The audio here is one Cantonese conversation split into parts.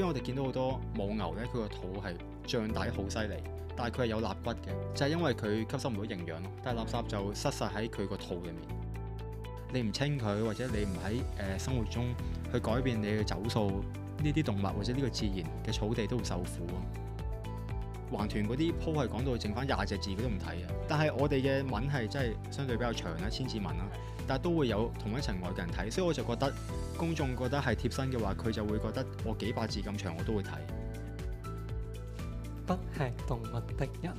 因為我哋見到好多母牛咧，佢個肚係脹大好犀利，但係佢係有肋骨嘅，就係、是、因為佢吸收唔到營養咯。但係垃圾就塞晒喺佢個肚入面，你唔清佢或者你唔喺誒生活中去改變你嘅走數，呢啲動物或者呢個自然嘅草地都會受苦啊。環團嗰啲鋪係講到剩返廿隻字，佢都唔睇嘅。但係我哋嘅文係真係相對比較長啦，千字文啦。但都會有同溫層外嘅人睇，所以我就覺得公眾覺得係貼身嘅話，佢就會覺得我幾百字咁長，我都會睇。不吃動物的人，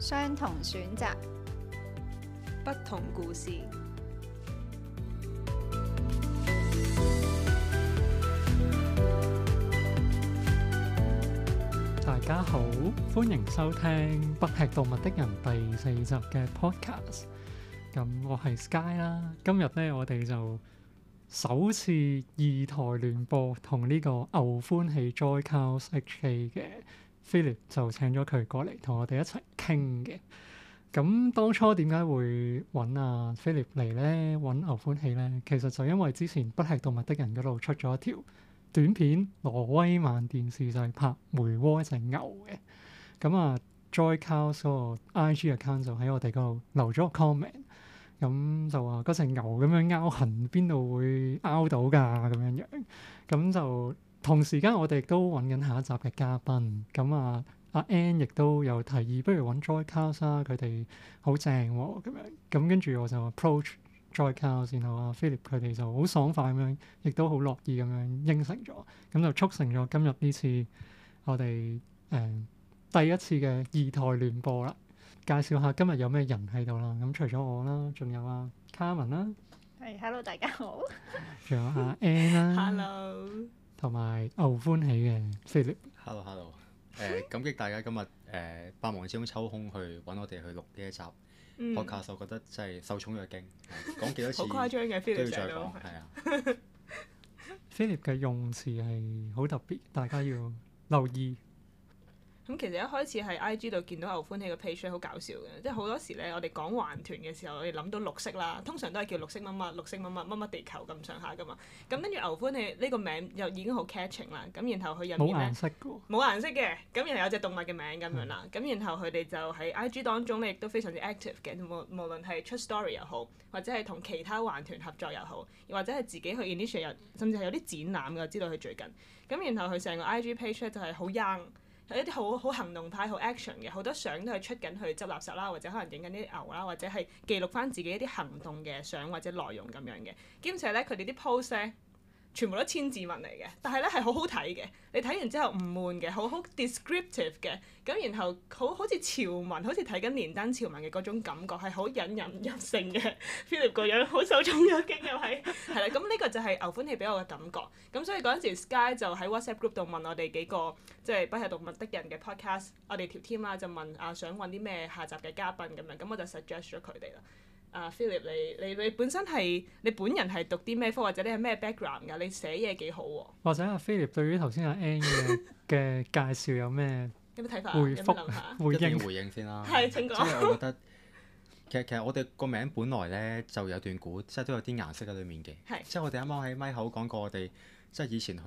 相同選擇，不同故事。大家好，歡迎收聽不吃動物的人第四集嘅 podcast。咁我係 Sky 啦，今日咧我哋就首次二台聯播，同呢個牛歡喜 Joy Cow HK 嘅 Philip 就請咗佢過嚟同我哋一齊傾嘅。咁當初點解會揾阿 Philip 嚟咧？揾牛歡喜咧，其實就因為之前不吃動物的人嗰度出咗一條短片，挪威慢電視就係拍梅窩隻牛嘅。咁啊，Joy Cow 嘅 IG account 就喺我哋嗰度留咗個 comment。咁、嗯、就話嗰隻牛咁樣勾痕，邊度會勾到㗎咁樣樣？咁、嗯、就、嗯、同時間我哋都揾緊下一集嘅嘉賓。咁、嗯嗯嗯、啊，阿 Ann 亦都有提議，不如揾 Joy Cow 啦，佢哋好正喎、啊。咁樣咁跟住我就 approach Joy Cow 然後阿、啊、Philip 佢哋就好爽快咁樣，亦都好樂意咁樣應承咗。咁就促成咗今日呢次我哋誒第一次嘅二台聯播啦。介紹下今日有咩人喺度啦？咁除咗我啦，仲有啊，Carmen 啦，係、哎、，hello 大家好，仲有阿 a 下 N n 啦，hello，同埋牛歡喜嘅 Philip，hello hello，誒、啊、感激大家今日誒、啊、百忙之中抽空去揾我哋去錄呢一集，學卡受覺得真係受寵若驚，講幾多次 好誇張嘅都要再講，係啊，Philip 嘅用詞係好特別，大家要留意。咁、嗯、其實一開始喺 IG 度見到牛歡喜個 page 咧好搞笑嘅，即係好多時咧我哋講環團嘅時候，我哋諗到綠色啦，通常都係叫綠色乜乜、綠色乜乜、乜乜地球咁上下噶嘛。咁跟住牛歡喜呢個名又已經好 catching 啦。咁然後佢入面咧冇顏色嘅，冇顏色嘅。咁然後有隻動物嘅名咁樣啦。咁、嗯、然後佢哋就喺 IG 當中咧亦都非常之 active 嘅，無無論係出 story 又好，或者係同其他環團合作又好，或者係自己去 initiate，甚至係有啲展覽嘅，知道佢最近。咁然後佢成個 IG page 咧就係好 young。係一啲好好行動派、好 action 嘅，好多相都係出緊去執垃圾啦，或者可能影緊啲牛啦，或者係記錄翻自己一啲行動嘅相或者內容咁樣嘅，兼且咧佢哋啲 post 咧。全部都千字文嚟嘅，但係咧係好好睇嘅，你睇完之後唔悶嘅，好好 descriptive 嘅，咁然後好好似潮文，好似睇緊連登潮文嘅嗰種感覺係好引人入勝嘅。 Philip 個樣好受寵若驚又係，係啦，咁呢個就係牛歡喜俾我嘅感覺。咁、嗯、所以嗰陣時 Sky 就喺 WhatsApp group 度問我哋幾個即係、就是、不吃動物的人嘅 podcast，我哋條 team 啦就問啊想揾啲咩下集嘅嘉賓咁樣，咁、嗯嗯、我就 suggest 咗佢哋啦。啊、uh，Philip，你你你本身係你本人係讀啲咩科，或者你係咩 background 㗎？你寫嘢幾好喎、啊！或者阿、啊、Philip 對於頭先阿 Ann 嘅嘅介紹有咩 回有咩睇法？回覆、回應、回應先啦。係， 請講。 即係我覺得，其實其實我哋個名本來咧就有一段古，即係都有啲顏色喺裏面嘅。 即係我哋啱啱喺咪口講過，我哋即係以前去，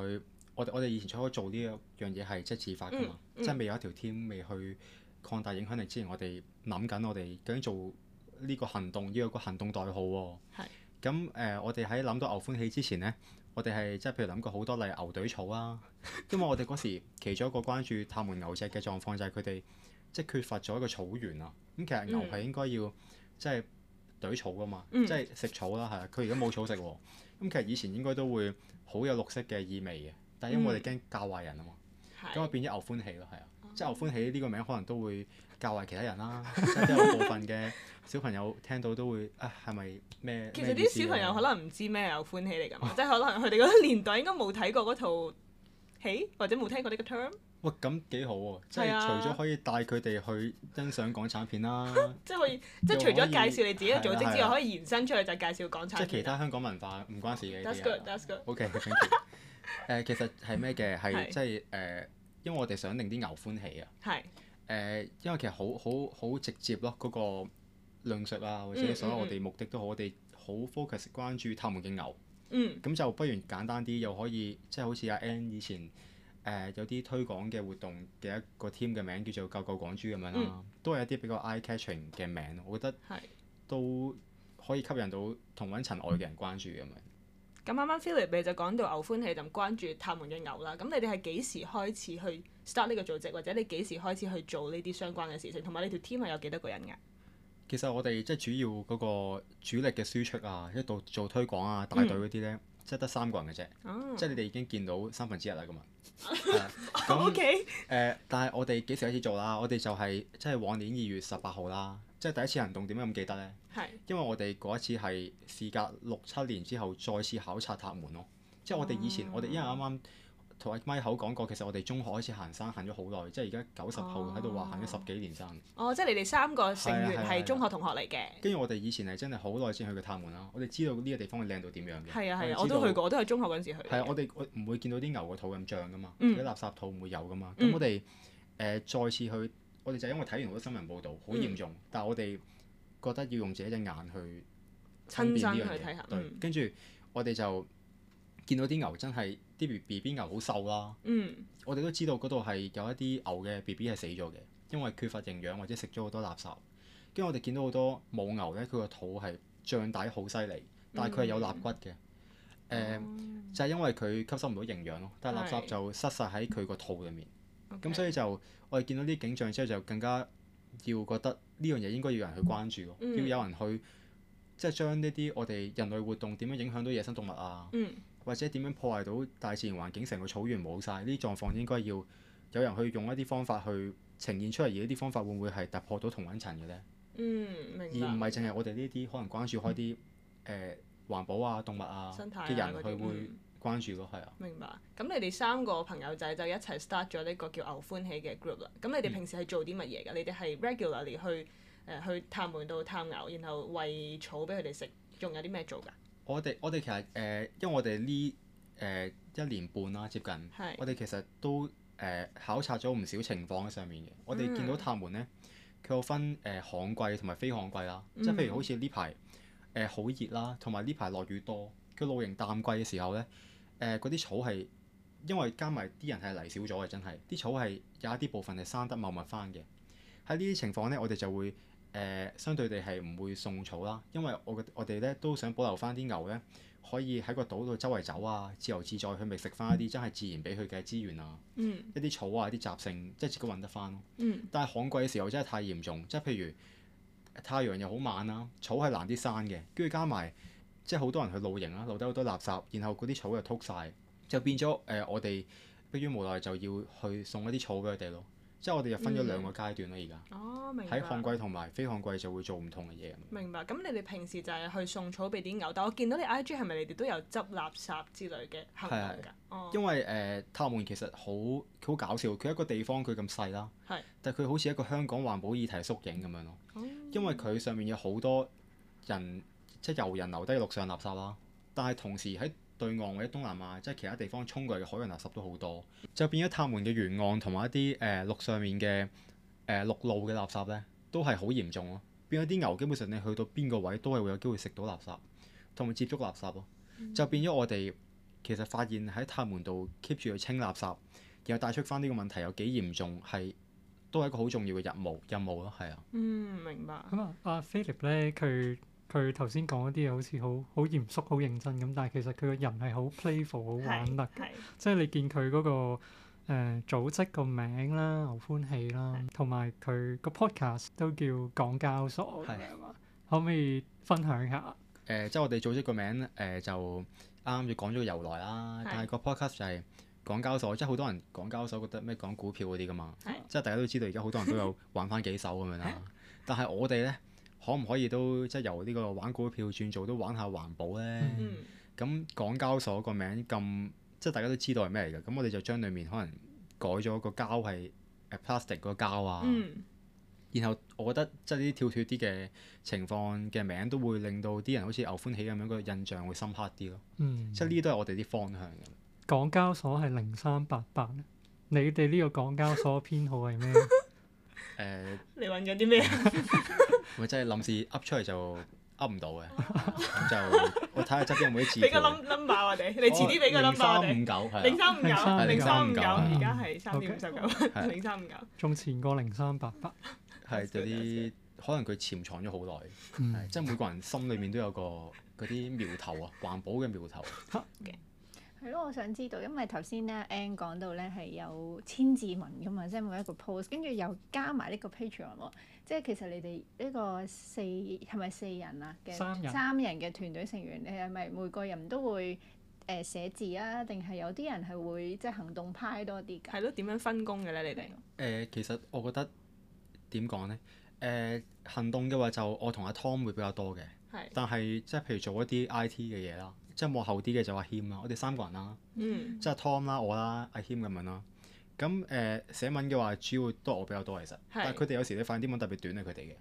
我哋我哋以前初初做呢樣嘢係即係自發㗎嘛，嗯嗯、即係未有一條 team 未去擴大影響力之前，我哋諗緊我哋究竟做。呢個行動要有個行動代號喎、哦。係是。咁誒、呃，我哋喺諗到牛歡喜之前咧，我哋係即係譬如諗過好多例如牛隊草啦、啊。因為我哋嗰時其中一個關注塔門牛隻嘅狀況就係佢哋即係缺乏咗一個草原啊。咁、嗯嗯、其實牛係應該要即係隊草㗎嘛，嗯、即係食草啦，係。佢而家冇草食喎、啊。咁、嗯嗯、其實以前應該都會好有綠色嘅意味嘅，但係因為我哋驚教壞人啊嘛。咁就變咗牛歡喜咯，係啊，即係牛歡喜呢個名可能都會教壞其他人啦，即係有部分嘅小朋友聽到都會啊，係咪咩？其實啲小朋友可能唔知咩牛歡喜嚟㗎嘛，即係可能佢哋嗰個年代應該冇睇過嗰套戲，或者冇聽過呢個 term。哇，咁幾好喎！即係除咗可以帶佢哋去欣賞港產片啦，即係可以，即係除咗介紹你自己嘅組織之外，可以延伸出去就係介紹港產片。即係其他香港文化唔關事嘅。That's good. That's good. Okay, thank you. 誒、呃、其實係咩嘅係是即係誒、呃，因為我哋想令啲牛歡喜啊。係是、呃。因為其實好好好直接咯，嗰、那個論述啊，或者所有我哋目的都好，嗯、我哋好 focus 關注塔門嘅牛。咁、嗯、就不如簡單啲，又可以即係好似阿 Ann 以前誒、呃、有啲推廣嘅活動嘅一個 team 嘅名叫做救救港豬」咁樣啦，嗯、都係一啲比較 eye catching 嘅名，我覺得都可以吸引到同溫層外嘅人關注咁樣。嗯嗯咁啱啱 Philip 就講到牛歡喜就關注塔門嘅牛啦。咁你哋係幾時開始去 start 呢個組織，或者你幾時開始去做呢啲相關嘅事情？同埋你條 team 係有幾多個人嘅？其實我哋即係主要嗰個主力嘅輸出啊，一度做推廣啊、帶隊嗰啲咧，即係得三個人嘅啫。哦、即係你哋已經見到三分之一啦，咁樣。咁，OK，誒，但係我哋幾時開始做啦？我哋就係、是、即係往年二月十八號啦。即係第一次行動點解咁記得咧？是因為我哋嗰一次係事隔六七年之後再次考察塔門咯。即係我哋以前、哦、我哋因為啱啱同阿 Mike 講過，其實我哋中學開始行山行咗好耐。即係而家九十後喺度話行咗、哦、十幾年山。哦，即係你哋三個成員係中學同學嚟嘅。跟住、啊啊、我哋以前係真係好耐先去過塔門啦。我哋知道呢個地方係靚到點樣嘅。係啊係啊，啊我，我都去過，我都係中學嗰陣時去。係啊，我哋唔會見到啲牛個肚咁脹噶嘛，啲、嗯、垃圾肚唔會有噶嘛。咁、嗯、我哋誒、呃、再次去。我哋就因為睇完好多新聞報導，好嚴重，嗯、但係我哋覺得要用自己隻眼去分辨呢樣嘢。跟住對、嗯、我哋就見到啲牛真係啲 B B 牛好瘦啦。嗯、我哋都知道嗰度係有一啲牛嘅 B B 係死咗嘅，因為缺乏營養或者食咗好多垃圾。跟住我哋見到好多母牛咧，佢個肚係脹大得好犀利，但係佢係有肋骨嘅。誒、嗯嗯嗯，就係、是、因為佢吸收唔到營養咯，但係垃圾就塞曬喺佢個肚入面。嗯嗯。咁所以就我哋見到啲景象之後，就更加要覺得呢樣嘢應該要有人去關注，嗯、要有人去即係將呢啲我哋人類活動點樣影響到野生動物啊，嗯、或者點樣破壞到大自然環境，成個草原冇晒。呢啲狀況，應該要有人去用一啲方法去呈現出嚟。而呢啲方法會唔會係突破到同溫層嘅咧？嗯、明白。而唔係淨係我哋呢啲可能關注開啲誒環保啊、動物啊嘅人啊，去會、嗯。關注咯，係啊！明白。咁你哋三個朋友仔就一齊 start 咗呢個叫牛歡喜嘅 group 啦。咁你哋平時係做啲乜嘢噶？嗯、你哋係 regularly 去誒、呃、去塔門度探牛，然後餵草俾佢哋食，仲有啲咩做噶？我哋我哋其實誒、呃，因為我哋呢誒一年半啦，接近，是我哋其實都誒、呃、考察咗唔少情況喺上面嘅。嗯、我哋見到塔門咧，佢有分誒旱季同埋非旱季啦，即係譬如好似呢排誒好熱啦，同埋呢排落雨多。佢露營淡季嘅時候咧。誒嗰啲草係因為加埋啲人係嚟少咗嘅，真係啲草係有一啲部分係生得茂密翻嘅。喺呢啲情況咧，我哋就會誒、呃、相對地係唔會送草啦，因為我我哋咧都想保留翻啲牛咧，可以喺個島度周圍走啊，自由自在去覓食翻一啲真係自然俾佢嘅資源啊，嗯、一啲草啊，一啲雜性即係自己揾得翻咯。嗯、但係旱季嘅時候真係太嚴重，即係譬如太陽又好猛啦、啊，草係難啲生嘅，跟住加埋，即係好多人去露營啦，留低好多垃圾，然後嗰啲草又禿晒，就變咗誒、呃、我哋迫於無奈就要去送一啲草俾佢哋咯。即係我哋就分咗兩個階段咯，而家、嗯。喺旱季同埋非旱季就會做唔同嘅嘢。明白。咁你哋平時就係去送草俾啲牛，但係我見到你 I G 係咪你哋都有執垃圾之類嘅行動㗎？係啊，的哦、因為誒塔門其實好好搞笑，佢一個地方佢咁細啦，的但係佢好似一個香港環保議題嘅縮影咁樣咯。嗯、因為佢上面有好多人。即係遊人留低嘅陸上垃圾啦，但係同時喺對岸或者東南亞即係其他地方衝過嚟嘅海洋垃圾都好多，就變咗塔門嘅沿岸同埋一啲誒、呃、陸上面嘅誒、呃、陸路嘅垃圾咧，都係好嚴重咯。變咗啲牛，基本上你去到邊個位都係會有機會食到垃圾同埋接觸垃圾咯，嗯、就變咗我哋其實發現喺塔門度 keep 住去清垃圾，然後帶出翻呢個問題有幾嚴重，係都係一個好重要嘅任務任務咯，係啊，嗯，明白。咁啊，阿、啊、Philip 咧佢。佢頭先講嗰啲嘢好似好好嚴肅、好認真咁，但係其實佢個人係好 playful、好 玩得的 即係你見佢嗰個誒、呃、組織個名啦，好歡喜牛歡喜啦，同埋佢 個 podcast 都叫港交所咁樣 可唔可以分享下？誒、 呃，即係我哋組織個名誒、呃、就啱住講咗由來啦。但係個 podcast 就係港交所，即係好多人港交所覺得咩講股票嗰啲噶嘛。即係 大家都知道，而家好多人都有玩翻幾手咁樣啦。 但係我哋咧。可唔可以都即係由呢個玩股票轉做都玩下環保呢？咁、嗯、港交所個名咁即係大家都知道係咩嚟嘅？咁我哋就將裡面可能改咗個膠係 plastic 嗰個膠啊。嗯、然後我覺得即係呢啲跳脱啲嘅情況嘅名都會令到啲人好似牛歡喜咁樣個印象會深刻啲咯。嗯、即係呢啲都係我哋啲方向嘅。港交所係零三八八，你哋呢個港交所編號係咩？ 呃、你揾緊啲咩？.咪真係臨時噏出嚟就噏唔到嘅，咁就我睇下側邊有冇啲字。俾個 number 我哋，你遲啲俾個 number 零三五九，係零三五九，零三五九而家係三點五十九蚊，零三五九仲前過零三八八。係嗰啲可能佢潛藏咗好耐，即係每個人心裏面都有個嗰啲苗頭啊，環保嘅苗頭。係咯，我想知道，因為頭先咧，Ann 講到咧係有千字文噶嘛，即係每一個 post，跟住又加埋呢個 Patreon 喎，即係其實你哋呢個四係咪四人啊？嘅三人嘅團隊成員，你係咪每個人都會誒、呃、寫字啊？定係有啲人係會即係行動派多啲㗎？係咯，點樣分工嘅咧？你哋對？誒、呃，其實我覺得點講咧？誒、呃，行動嘅話就我同阿 Tom 會比較多嘅，的但係即係譬如做一啲 IT 嘅嘢啦。即係幕後啲嘅就阿謙啦，我哋三個人啦，嗯、即係 Tom 啦、我啦、阿謙咁樣啦。咁誒、呃、寫文嘅話，主要都係我比較多其實，但係佢哋有時你發現啲文特別短、哦、啊，佢哋嘅。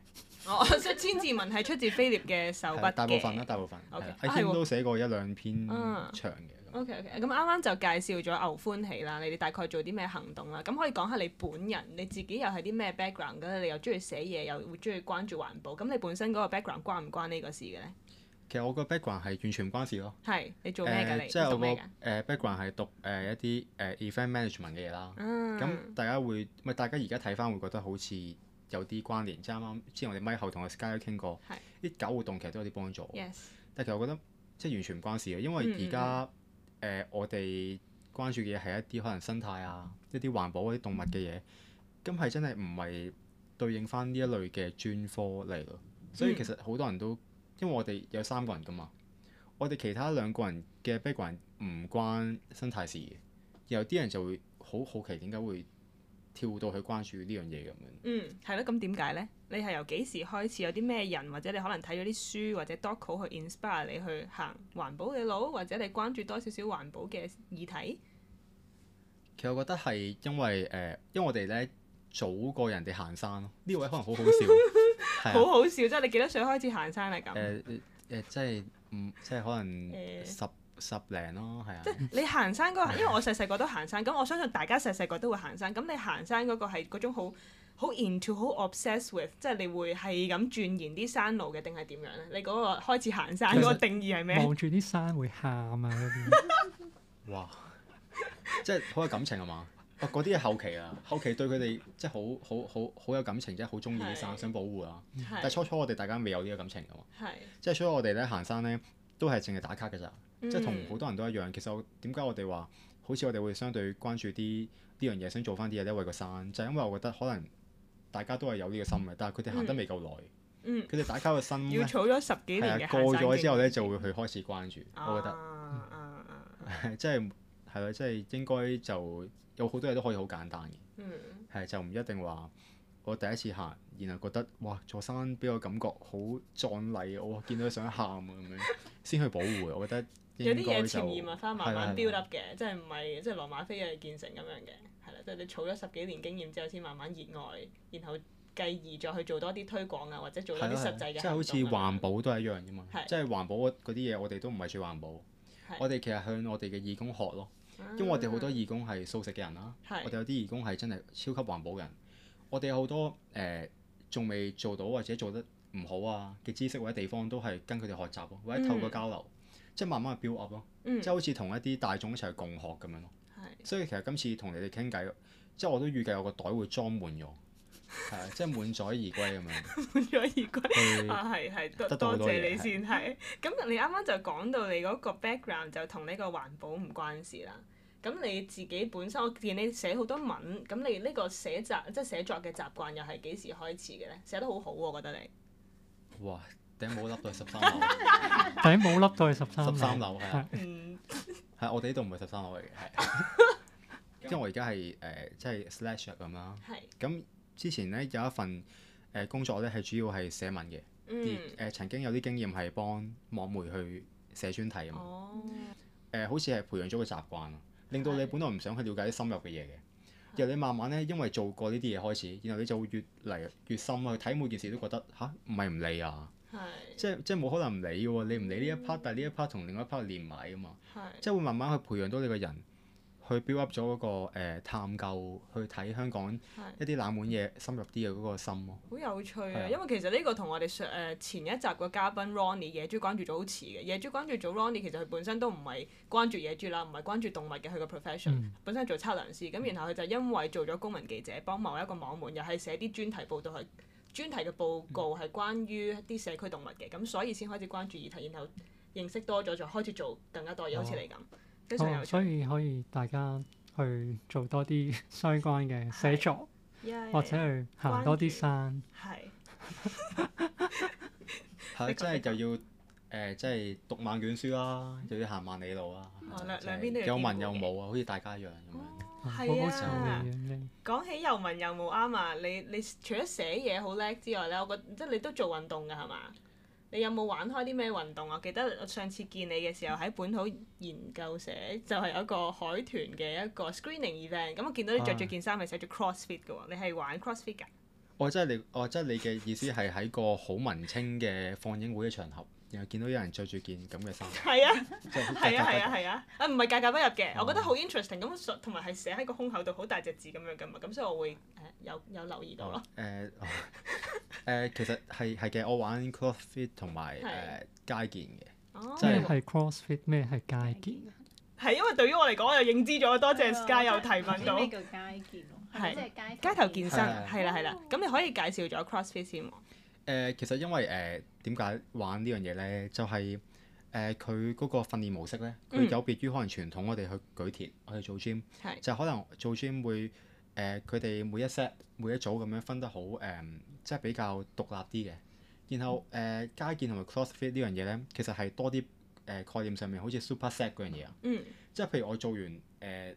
哦，所以千字文係出自 Philip 嘅手筆大部分啦，大部分。阿謙都寫過一兩篇長嘅。Uh, OK OK，咁啱啱就介紹咗牛歡喜啦，你哋大概做啲咩行動啦？咁可以講下你本人你自己又係啲咩 background 咧？你又中意寫嘢，又會中意關注環保。咁你本身嗰個 background 關唔關呢個事嘅咧？其實我覺得 background 係完全唔關事咯。即係我個誒 background 係讀誒、呃呃、一啲誒、呃、event management 嘅嘢啦。咁、嗯、大家會咪大家而家睇翻會覺得好似有啲關聯。即係啱啱之前我哋咪後同個 Sky 都傾過，啲是搞活動其實都有啲幫助。嗯、但係其實我覺得即係完全唔關事嘅，因為而家誒我哋關注嘅嘢係一啲可能生態啊、一啲環保嗰啲動物嘅嘢，咁係、嗯嗯、真係唔係對應翻呢一類嘅專科嚟咯。所以其實好多人都。因為我哋有三個人㗎嘛，我哋其他兩個人嘅 background 唔關生態事嘅，有啲人就會好好奇點解會跳到去關注呢樣嘢咁樣。嗯，係咯，咁點解咧？你係由幾時開始有啲咩人，或者你可能睇咗啲書或者 doco 去 inspire 你去行環保嘅路，或者你關注多少少環保嘅議題？其實我覺得係因為誒、呃，因為我哋咧早過人哋行山咯，呢位可能好好笑。 好、 啊、好笑！即係你幾多歲開始行山嚟咁？誒誒、呃呃呃，即係唔、嗯、即係可能十、呃、十零咯，係啊！即係你行山嗰個，因為我細細個都行山，咁、啊、我相信大家細細個都會行山。咁你行山嗰個係嗰種好好 into、好 obsess with，即係你會係咁鑽研啲山路嘅，定係點樣咧？你嗰個開始行山嗰個定義係咩？望住啲山會喊啊！ 哇！即係好有感情吖嘛？ 哦，嗰啲係後期啊，後期對佢哋即係好好好好有感情，即係好鍾意啲山，是想保護啦。是但係初初我哋大家未有呢個感情嘅嘛。係是。即係所以我哋咧行山咧，都係淨係打卡嘅咋。嗯、即係同好多人都一樣。其實我點解我哋話，好似我哋會相對關注啲呢樣嘢，想做翻啲嘢咧為個山，就係、是、因為我覺得可能大家都係有呢個心嘅，但係佢哋行得未夠耐。佢哋、嗯、打卡嘅心咧，嗯、 要儲咗十幾年嘅。係啊，過咗之後咧就會去開始關注。我覺得。 即係係咯，即係應該就。有好多嘢都可以好簡單嘅，係、嗯、就唔一定話我第一次行，然後覺得哇座山俾我感覺好壯麗，我見到想喊咁樣，先 去保護。我覺得有啲嘢潛移默化慢慢 build up 嘅，即係唔係即係羅馬非一日建成咁樣嘅，係啦，即係你儲咗十幾年經驗之後，先慢慢熱愛，然後繼而再去做多啲推廣啊，或者做多啲實際嘅。即係好似環保都係一樣啫嘛，即係的的環保嗰啲嘢，我哋都唔係最環保，我哋其實向我哋嘅義工學咯。因為我哋好多義工係素食嘅人啦、啊，是我哋有啲義工係真係超級環保嘅人，我哋有好多誒，仲、呃、未做到或者做得唔好啊嘅知識或者地方都係跟佢哋學習咯、啊，或者透過交流，嗯、即係慢慢去 build up 咯、啊，嗯、即係好似同一啲大眾一齊共學咁樣咯、啊。是所以其實今次同你哋傾偈，即係我都預計我個袋會裝滿咗。係啊，即係滿載而歸咁樣。滿載而歸啊，係係，多多謝你先。係。咁你啱啱就講到你嗰個 background 就同呢個環保唔關事啦。咁你自己本身，我見你寫好多文，咁你呢個寫習即係寫作嘅習慣又係幾時開始嘅咧？寫得好好喎，我覺得你。哇！頂帽笠到係十三樓，頂帽笠到係十三十三樓係啊。嗯。係我哋呢度唔係十三樓嚟嘅，係。因為我而家係誒，即係 slash 咁啦。係。咁。之前咧有一份誒工作咧係主要係寫文嘅，誒、嗯呃、曾經有啲經驗係幫網媒去寫專題啊嘛，誒、哦呃、好似係培養咗個習慣，令到嗎你本來唔想去了解啲深入嘅嘢嘅，然後的你慢慢咧因為做過呢啲嘢開始，然後你就會越嚟越深去睇每件事都覺得吓，唔係唔理啊，的即係即係冇可能唔理嘅、啊、喎，你唔理呢一 part，、嗯、但係呢一 part 同另外一 part 連埋㗎嘛，即係會慢慢去培養到你個人。去 build up 咗嗰、那個、呃、探究，去睇香港一啲冷門嘢的深入啲嘅嗰個心咯。好有趣啊！的因為其實呢個同我哋上誒前一集嘅嘉賓 Ronnie 野豬關注組好似嘅。野豬關注組 Ronnie 其實佢本身都唔係關注野豬啦，唔係關注動物嘅佢個 profession。profession，嗯、本身係做測量師，咁然後佢就因為做咗公民記者，幫某一個網門又係寫啲專題報導，係專題嘅報告係關於啲社區動物嘅，咁、嗯、所以先開始關注議題，然後，然後認識多咗，就開始做更加多嘢。好似你咁。哦所以可以大家去做多啲相關嘅寫作，或者去行多啲山。係，係真係又要誒，即係讀萬卷書啦，又要行萬里路啦。哦，兩兩邊都要有文有武啊，好似大家一樣咁樣。係講起有文有武啱啊！你你除咗寫嘢好叻之外咧，我覺得即係你都做運動㗎係嘛？你有冇玩開啲咩運動啊？我記得我上次見你嘅時候喺本土研究社，就係有一個海豚嘅一個 screening event。咁我見到你著住件衫，係寫住、啊、CrossFit 嘅喎。你係玩 CrossFit 㗎？哦，即係你哦，即係你嘅意思係喺個好文青嘅放映會嘅場合。 然後見到有人着住件咁嘅衫，係啊，係啊，係啊，啊唔係格格不入嘅，我覺得好 interesting 咁，同埋係寫喺個胸口度好大隻字咁樣噶嘛，咁所以我會誒有有留意到咯。誒誒，其實係係嘅，我玩 CrossFit 同埋誒街健嘅。哦，即係 CrossFit 咩係街健？係因為對於我嚟講，我又認知咗，多謝 Sky 有提問到。呢個街健？係即係街頭健身。係啦係啦，咁你可以介紹咗 CrossFit 先。誒、呃、其實因為誒點解玩呢樣嘢咧？就係誒佢嗰個訓練模式咧，佢有別於可能傳統我哋去舉鐵我哋、嗯、做 gym。是就可能做 gym 會誒佢哋每一 set 每一組咁樣分得好誒、呃，即係比較獨立啲嘅。然後誒街、呃、健同埋 crossfit 呢樣嘢咧，其實係多啲誒、呃、概念上面好似 super set 嗰樣嘢啊。嗯、即係譬如我做完誒。呃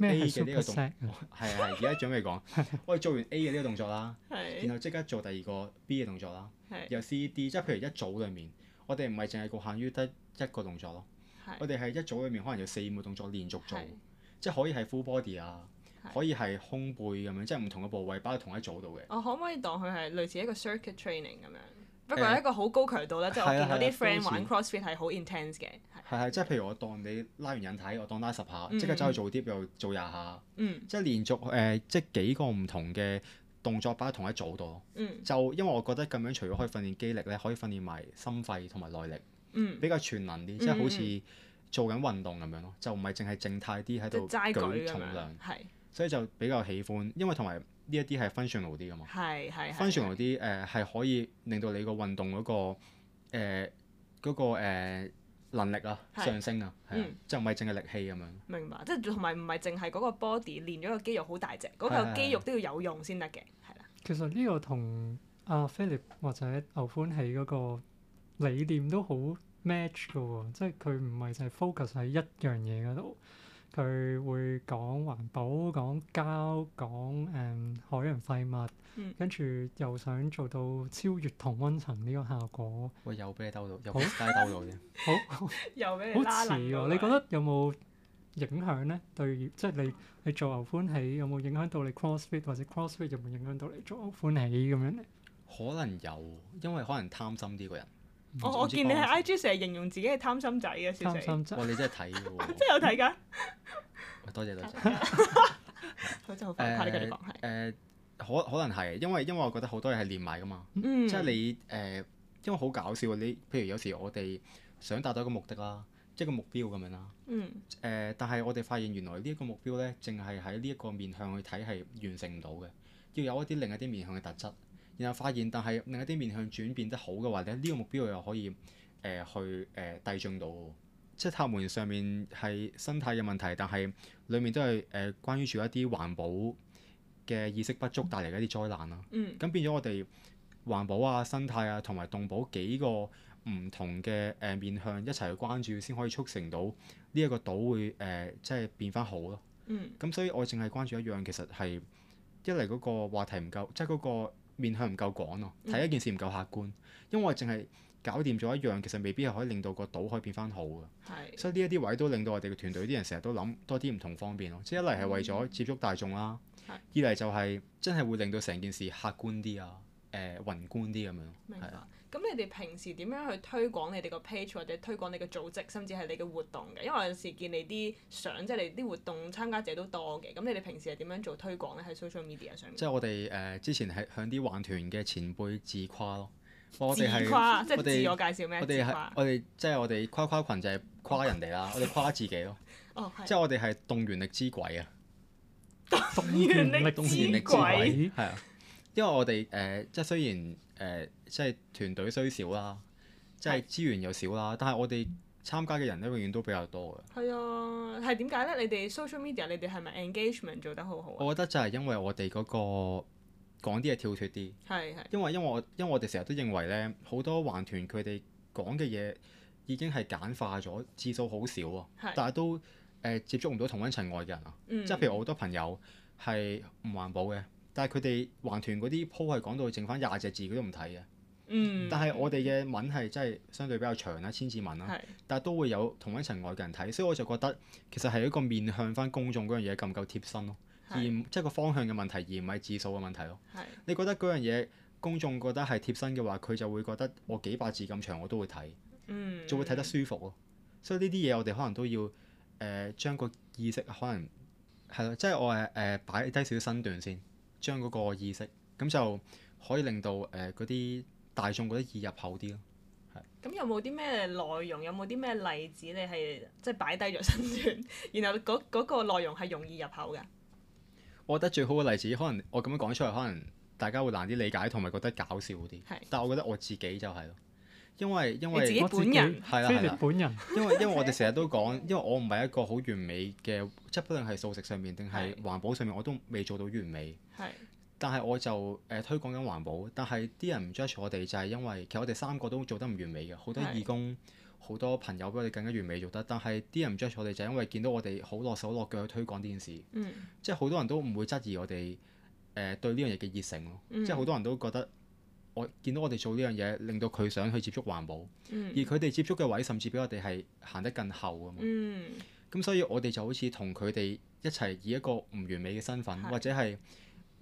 S A 嘅呢個動係係而家準備講，我哋做完 A 嘅呢個動作啦， 然後即刻做第二個 B 嘅動作啦，然後 C 的、D，即係譬如一組裡面，我哋唔係淨係局限於得一個動作咯，的我哋係一組裡面可能有四五個動作連續做，的即係可以係 full body 啊，可以係胸背咁樣，的即係唔同嘅部位包喺同一組度嘅。我可唔可以當佢係類似一個 circuit training 咁樣？不過係一個好高強度咧，即係我見到啲 friend 玩 CrossFit 係好 intense 嘅。係係即係譬如我當你拉完引體，我當拉十下，即刻走去做啲又做廿下。嗯，即係連續誒，即係幾個唔同嘅動作擺喺同一組度。嗯，就因為我覺得咁樣除咗可以訓練肌力咧，可以訓練埋心肺同埋耐力。嗯，比較全能啲，即係好似做緊運動咁樣咯，就唔係淨係靜態啲喺度舉重量。所以就比較喜歡，因為同埋呢一啲係 functional 啲㗎嘛，functional 啲誒係可以令到你個運動嗰、那個誒嗰、呃那個誒、呃、能力啊是上升啊，即唔係淨係力氣咁樣。明白，即同埋唔係淨係嗰個 body 練咗個肌肉好大隻，嗰個肌肉都要有用先得嘅，係啦。的其實呢個同阿、啊、Philip 或者牛歡喜嗰個理念都好 match 㗎喎、哦，即佢唔係淨係 focus 喺一樣嘢嗰度。佢會講環保、講膠、講誒、嗯、海洋廢物，跟住、嗯、又想做到超越同溫層呢個效果。我又俾你兜到，哦、又俾你兜到嘅。 好， 又俾你拉流。好似喎， 你覺得有冇影響咧？對，即係你你做牛歡喜有冇影響到你 CrossFit 或者 CrossFit 有冇影響到你做牛歡喜咁樣咧？可能有，因為可能貪心啲個人。我、oh, 我見你喺 IG 成日形容自己係貪心仔嘅，笑死！貪心仔。哇！你真係睇喎， 真係有睇㗎。 多謝多謝，真係好快，怕你繼續講可可能係，因為因為我覺得好多嘢係連埋㗎嘛。即係、嗯、你誒、呃，因為好搞笑。你譬如有時我哋想達到一個目的啦，即係個目標咁樣啦。嗯。呃、但係我哋發現原來呢一個目標咧，淨係喺呢一個面向去睇係完成唔到嘅，要有一啲另一啲面向嘅特質。然後發現，但係另一啲面向轉變得好嘅話咧，呢、這個目標又可以誒、呃、去誒遞進到，即係塔門上面係生態嘅問題，但係裡面都係誒、呃、關於住一啲環保嘅意識不足帶嚟嘅一啲災難啦。咁、嗯、變咗我哋環保啊、生態啊同埋動保幾個唔同嘅誒面向一齊去關注，先可以促成到呢一個島會誒、呃、即係變翻好咯。咁、嗯、所以我淨係關注一樣，其實係一嚟嗰個話題唔夠，即係嗰、那個。面向唔夠廣咯、啊，睇一件事唔夠客觀，因為淨係搞掂咗一樣，其實未必係可以令到個島可以變翻好嘅。是所以呢一啲位都令到我哋嘅團隊啲人成日都諗多啲唔同方便咯、啊。即一嚟係為咗接觸大眾啦、啊，嗯、二嚟就係真係會令到成件事客觀啲啊，誒、呃，宏觀啲咁樣。明白。咁你哋平時點樣去推廣你哋個 page 或者推廣你個組織，甚至係你嘅活動嘅？因為我有時見你啲相，即係你啲活動參加者都多嘅。咁你哋平時係點樣做推廣咧？喺 social media 上面，即係我哋誒之前係向啲環團嘅前輩自誇咯。自誇，即係自我介紹咩？我哋係誇我哋即係我哋誇誇群就係誇人哋啦， 我哋誇自己咯。哦、即係我哋係動員力之鬼啊！ 動員力，動員力之鬼係啊， 因為我哋誒即係雖然誒。呃即係團隊雖少啦，即係資源又少啦，是但係我哋參加嘅人咧，永遠都比較多嘅。係啊，係點解咧？你哋 social media，你哋係咪 engagement 做得好好啊？我覺得就係因為我哋嗰個講啲嘢跳脱啲，係係因為因為我因為我哋成日都認為咧，好多環團佢哋講嘅嘢已經係簡化咗，字數好少啊，是但係都誒、呃、接觸唔到同一層外嘅人啊，嗯、即係譬如我好多朋友係唔環保嘅，但係佢哋環團嗰啲 po 係講到剩翻廿隻字，佢都唔睇嘅。嗯、但係我哋嘅文係真係相對比較長啦，千字文啦、啊，是但係都會有同溫層外嘅人睇，所以我就覺得其實係一個面向翻公眾嗰樣嘢夠唔夠貼身咯、啊，是而即係、就是、個方向嘅問題，而唔係字數嘅問題咯、啊。是你覺得嗰樣嘢公眾覺得係貼身嘅話，佢就會覺得我幾百字咁長我都會睇，嗯、就會睇得舒服咯、啊。所以呢啲嘢我哋可能都要誒、呃、將個意識可能係啦，即係、就是、我係誒擺低少少身段先，將嗰個意識咁就可以令到誒嗰啲。呃大眾覺得易入口啲咯，係。咁有冇啲咩內容？有冇啲咩例子你？你係即係擺低咗身段，然後嗰嗰個嗰個內容係容易入口嘅。我覺得最好嘅例子，可能我咁樣講出嚟，可能大家會難啲理解，同埋覺得搞笑啲。係。但我覺得我自己就係咯，因為因為我自己係啦係啦，因為因為我哋成日都講，因為我唔係一個好完美嘅，即係無論係素食上面定係環保上面，我都未做到完美。係。但係我就誒、呃、推廣緊環保，但係啲人唔 judge 我哋就係因為其實我哋三個都做得唔完美嘅，好多義工好的多朋友比我哋更加完美做得。但係啲人唔 judge 我哋就係因為見到我哋好落手落腳去推廣呢件事，嗯、即係好多人都唔會質疑我哋誒、呃、對呢樣嘢嘅熱誠咯。嗯、即係好多人都覺得我見到我哋做呢樣嘢，令到佢想去接觸環保，嗯、而佢哋接觸嘅位甚至比我哋係行得更後咁。咁、嗯嗯、所以我哋就好似同佢哋一齊以一個唔完美嘅身份的或者係。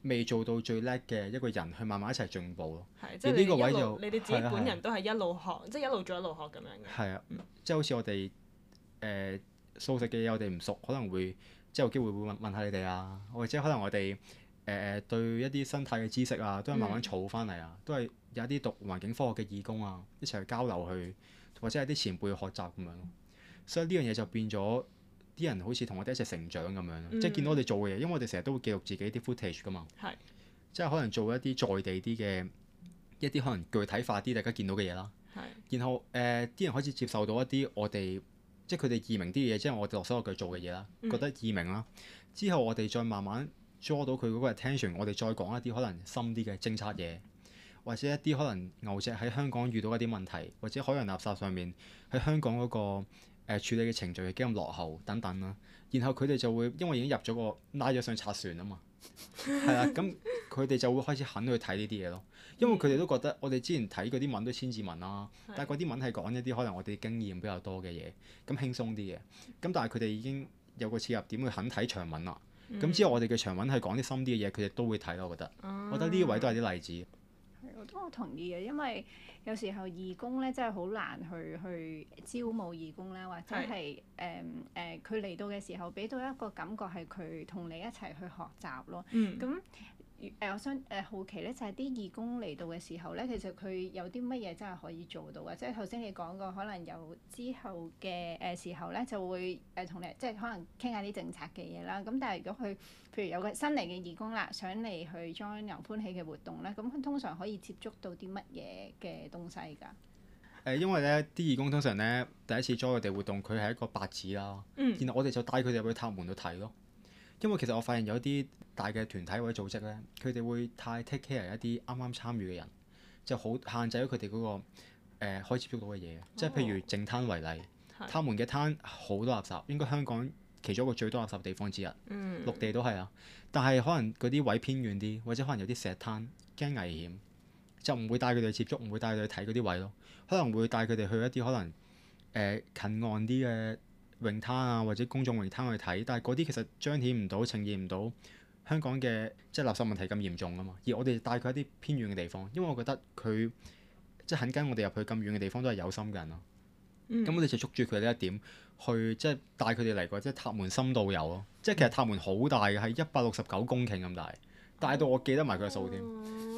未做到最叻嘅一個人，去慢慢一齊進步咯。即而呢個位就你哋自己本人都係一路學，啊啊、即係一路做一路學咁樣嘅。係啊，即係好似我哋誒、呃、素食嘅嘢，我哋唔熟，可能會即係有機會會問下你哋啊。或者可能我哋誒誒對一啲生態嘅知識啊，都係慢慢儲翻嚟啊，都係有一啲讀環境科學嘅義工啊，一齊去交流去，或者係啲前輩去學習咁樣。所以呢樣嘢就變咗。啲人好似同我哋一齊成長咁樣，嗯、即係見到我哋做嘅嘢，因為我哋成日都會記錄自己啲 footage 噶嘛，是即係可能做一啲在地啲嘅一啲可能具體化啲大家見到嘅嘢啦，是然後誒啲、呃、人開始接受到一啲我哋即係佢哋易明啲嘢，即係我哋落手落腳做嘅嘢啦，嗯、覺得易明啦。之後我哋再慢慢捉到佢嗰個 attention，我哋再講一啲可能深啲嘅政策嘢，或者一啲可能牛隻喺香港遇到一啲問題，或者海洋垃圾上面喺香港嗰、那個。誒處理嘅程序又幾咁落後等等啦，然後佢哋就會因為已經入咗個拉咗上去拆船啊嘛，係啦，咁佢哋就會開始肯去睇呢啲嘢咯。因為佢哋都覺得我哋之前睇嗰啲文都千字文啦，但係嗰啲文係講一啲可能我哋經驗比較多嘅嘢，咁輕鬆啲嘅。咁但係佢哋已經有個切入點去肯睇長文啦。咁之後我哋嘅長文係講啲深啲嘅嘢，佢哋都會睇咯。我覺得，我覺得呢位都係啲例子。係，我都好同意嘅，因為。有時候義工咧真係好難去去招募義工啦。或者係誒誒佢嚟到嘅時候，俾到一個感覺係佢同你一齊去學習咯，咁、嗯。誒、呃，我想誒、呃、好奇咧，就係、是、啲義工嚟到嘅時候咧，其實佢有啲乜嘢真係可以做到嘅？即係頭先你講過，可能有之後嘅誒、呃、時候咧，就會誒同、呃、你即係可能傾下啲政策嘅嘢啦。咁但係如果佢譬如有個新嚟嘅義工啦，想嚟去 join 牛歡喜嘅活動咧，咁佢通常可以接觸到啲乜嘢嘅東西㗎？誒、呃，因為咧啲義工通常咧第一次 join 我哋活動，佢係一個白紙啦。嗯、然後我哋就帶佢哋入去塔門度睇咯。因為其實我發現有啲大嘅團體或者組織咧，佢哋會太 take care 一啲啱啱參與嘅人，就好限制咗佢哋嗰個誒、呃、可以接觸到嘅嘢。Oh. 即係譬如淨灘為例，oh. 他們嘅灘好多垃圾，應該香港其中一個最多垃圾地方之一，mm. 陸地都係啊。但係可能嗰啲位偏遠啲，或者可能有啲石灘驚危險，就唔會帶佢哋去接觸，唔會帶佢哋去睇嗰啲位咯。可能會帶佢哋去一啲可能誒、呃、近岸啲嘅。泳灘啊，或者公眾泳灘去睇，但係嗰啲其實彰顯唔到、呈現唔到香港嘅即係垃圾問題咁嚴重㗎嘛。而我哋帶佢去一啲偏遠嘅地方，因為我覺得佢即係肯跟我哋入去咁遠嘅地方，都係有心嘅人咯。咁、嗯、我哋就捉住佢呢一點，去即係帶佢哋嚟個即係塔門深度遊咯。即係其實塔門好大嘅，係一百六十九公頃咁大，大到我記得埋佢個數添，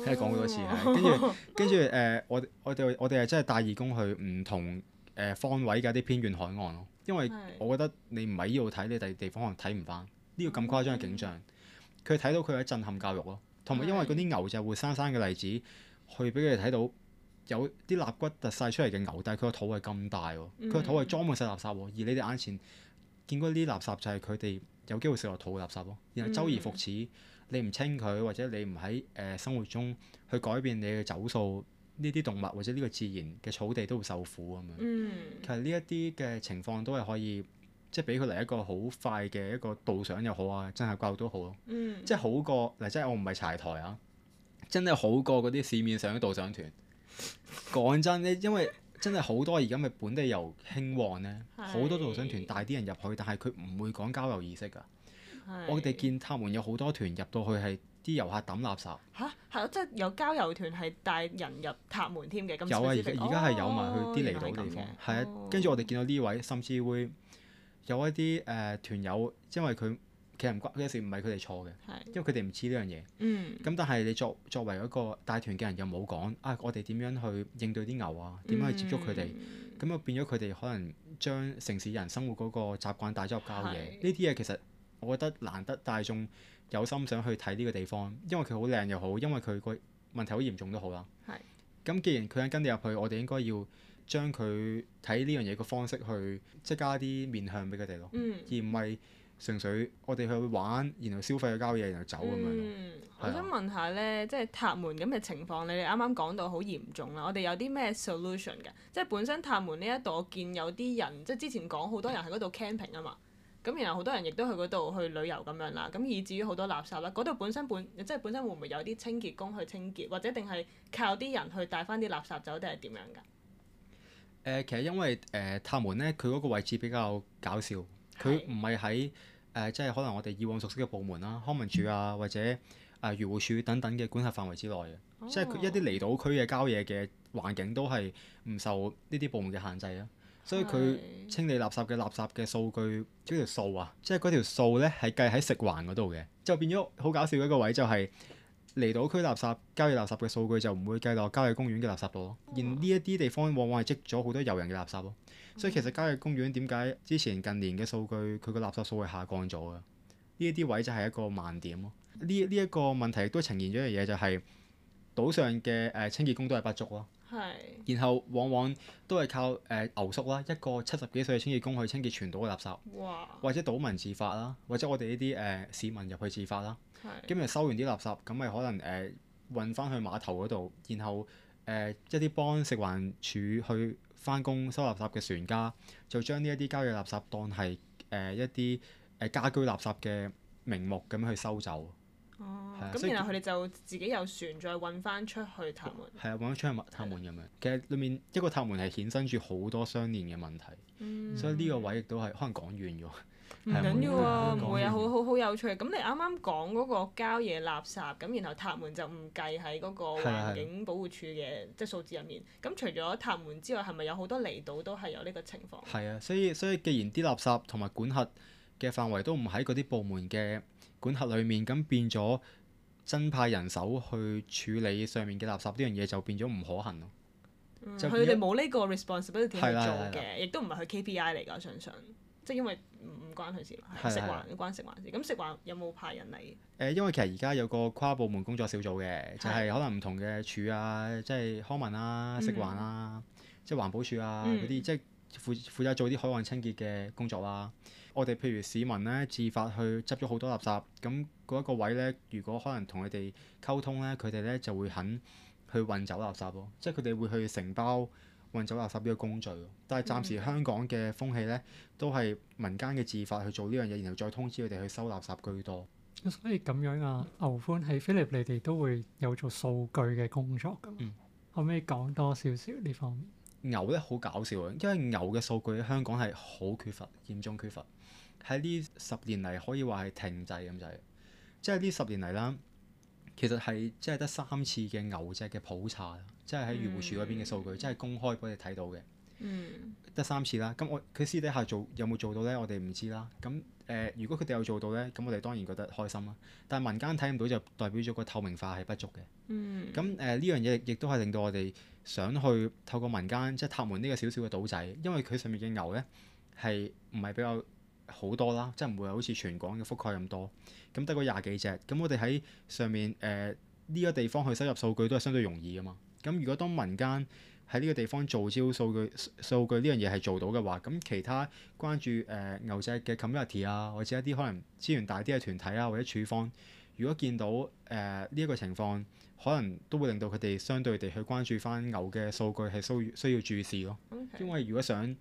聽講好多次。跟住跟住誒，我我哋我哋係真係帶義工去唔同誒、呃、方位嘅一啲偏遠海岸咯。因為我覺得你唔喺呢度睇，你第地方可能睇唔翻呢個咁誇張嘅景象。佢睇、嗯、到佢喺震撼教育咯，同埋因為嗰啲牛就活生生嘅例子，嗯、去俾佢哋睇到有啲肋骨突晒出嚟嘅牛，但係佢個肚係咁大喎，佢個、嗯、肚係裝滿晒垃圾喎。而你哋眼前見到呢啲垃圾就係佢哋有機會食落肚嘅垃圾咯。然後周而復始，嗯、你唔清佢或者你唔喺誒生活中去改變你嘅走數。呢啲動物或者呢個自然嘅草地都會受苦咁樣。嗯、其實呢一啲嘅情況都係可以，即係俾佢嚟一個好快嘅一個導賞又好啊，真係 guide 都好，嗯、即係好過嗱，即係我唔係柴台啊，真係好過嗰啲市面上嘅導賞團。講 真咧，因為真係好多而家咪本地遊興旺咧，好 多導賞團帶啲人入去，但係佢唔會講交流意識㗎。是我哋見他們有好多團入到去係。啲遊客抌垃圾吓係啊！即係有郊遊團係帶人入塔門添嘅。有啊，而家係有埋去啲離島地方。係、哦、啊，跟住、哦、我哋見到呢位，甚至會有一啲誒、呃、團友，因為佢企唔慣，有時唔係佢哋錯嘅，是因為佢哋唔知呢樣嘢。咁、嗯、但係你作作為一個帶團嘅人又，又冇講啊！我哋點樣去應對啲牛啊？點樣去接觸佢哋？咁就、嗯、變咗佢哋可能將城市人生活嗰個習慣帶咗入郊野。呢啲嘢其實～我覺得難得大眾有心想去睇呢個地方，因為佢好靚又好，因為佢個問題好嚴重都好啦。咁係，既然佢肯跟你入去，我哋應該要將佢睇呢樣嘢個方式去即係加啲面向俾佢哋咯。嗯，而唔係純粹我哋去玩，然後消費去交嘢，然後走咁樣。嗯啊，我想問下咧，即係塔門咁嘅情況，你哋啱啱講到好嚴重啦，我哋有啲咩 solution 㗎？即係本身塔門呢一度，我見有啲人即係之前講好多人喺嗰度 camping 啊嘛。嗯咁然後好多人亦都去嗰度去旅遊咁樣啦，咁以至於好多垃圾啦。嗰度本身本即係本身會唔會有啲清潔工去清潔，或者定係靠啲人去帶返啲垃圾走，定係點樣㗎？誒、呃，其實因為誒塔、呃、門咧，佢嗰個位置比較搞笑，佢唔係喺誒即係可能我哋以往熟悉嘅部門啦，康文署啊或者啊漁護署等等嘅管轄範圍之內嘅，哦、即係佢一啲離島區嘅郊野嘅環境都係唔受呢啲部門嘅限制啊。所以佢清理垃圾嘅垃圾嘅數據嗰條數啊，即係嗰條數咧係計喺食環嗰度嘅，就變咗好搞笑嘅一個位，就係離島區垃圾、郊野垃圾嘅數據就唔會計落郊野公園嘅垃圾度咯。而呢一啲地方往往係積咗好多遊人嘅垃圾咯。所以其實郊野公園點解之前近年嘅數據佢個垃圾數係下降咗嘅？呢一啲位就係一個盲點咯。呢呢一個問題亦都呈現咗一樣嘢，就係島上嘅誒、呃、清潔工都係不足咯。然後往往都係靠誒、呃、牛叔啦，一個七十幾歲嘅清潔工去清潔全島嘅垃圾，哇或者島民自發啦，或者我哋呢啲誒市民入去自發啦。咁咪是收完啲垃圾，咁咪可能誒、呃、運翻去碼頭嗰度，然後誒、呃、一啲幫食環署去翻工收垃圾嘅船家，就將呢一啲郊野垃圾當係誒、呃、一啲誒家居垃圾嘅名目咁去收走。哦，咁然後佢哋就自己有船再運翻出去，塔門係啊，運翻出去，塔門咁樣。其實裏面一個塔門係衍生住好多相連嘅問題，所以呢個位亦都係可能講完咗。唔緊要喎，唔會啊，好好好有趣。咁你啱啱講嗰個郊野垃圾，咁然後塔門就唔計喺嗰個環境保護署嘅即係數字入面。咁除咗塔門之外，係咪有好多離島都係有呢個情況？係啊，所以所以既然啲垃圾同埋管轄嘅範圍都唔喺嗰啲部門嘅。管轄裏面咁變咗，真派人手去處理上面嘅垃圾呢樣嘢就變咗唔可行咯。佢哋冇呢個 responsibility 嚟做嘅，亦都唔係佢 KPI 嚟㗎，我相信。即係因為唔唔關佢事嘛，食環關食環事。咁食環有冇派人嚟？誒、呃，因為其實而家有個跨部門工作小組嘅，就係、是、可能唔同嘅署啊，即、就、係、是、康文啊、食環啊，嗯、即係環保署啊嗰啲，即係負負責做啲海岸清潔嘅工作啦、啊。我哋譬如市民咧，自發去執咗好多垃圾，咁嗰一個位咧，如果可能同佢哋溝通咧，佢哋咧就會肯去運走垃圾咯，即係佢哋會去承包運走垃圾呢個工序。但係暫時香港嘅風氣咧，都係民間嘅自發去做呢樣嘢，然後再通知佢哋去收垃圾居多。所以咁樣啊，牛歡喜 Philip，你哋都會有做數據嘅工作噶。嗯，可唔可以講多少少呢方面？牛咧好搞笑啊，因為牛嘅數據喺香港係好缺乏，嚴重缺乏。喺呢十年嚟，可以話係停滯咁滯。即係呢十年嚟啦，其實係即係得三次嘅牛隻嘅普查，嗯、即係喺漁護署嗰邊嘅數據，嗯、即係公開俾你睇到嘅。得、嗯、三次啦，咁我佢私底下做有冇做到呢？我哋唔知啦。咁誒、呃，如果佢哋有做到呢，咁我哋當然覺得開心啦。但係民間睇唔到，就代表咗個透明化係不足嘅。咁誒、嗯，呢、呃、樣嘢亦都係令到我哋想去透過民間即係塔門呢個小小嘅島仔，因為佢上面嘅牛呢，係唔係比較？好多啦，即係唔會好似全港嘅覆蓋咁多，咁得個廿幾隻，咁我哋喺上面誒呢、呃這個地方去收入數據都係相對容易㗎嘛。咁如果當民間喺呢個地方做招數據數據呢樣嘢係做到嘅話，咁其他關注誒、呃、牛隻嘅 community 啊，或者一啲可能資源大啲嘅團體啊，或者處方，如果見到誒呢一個情況，可能都會令到佢哋相對地去關注翻牛嘅數據係需需要注視咯。Okay. 因為如果想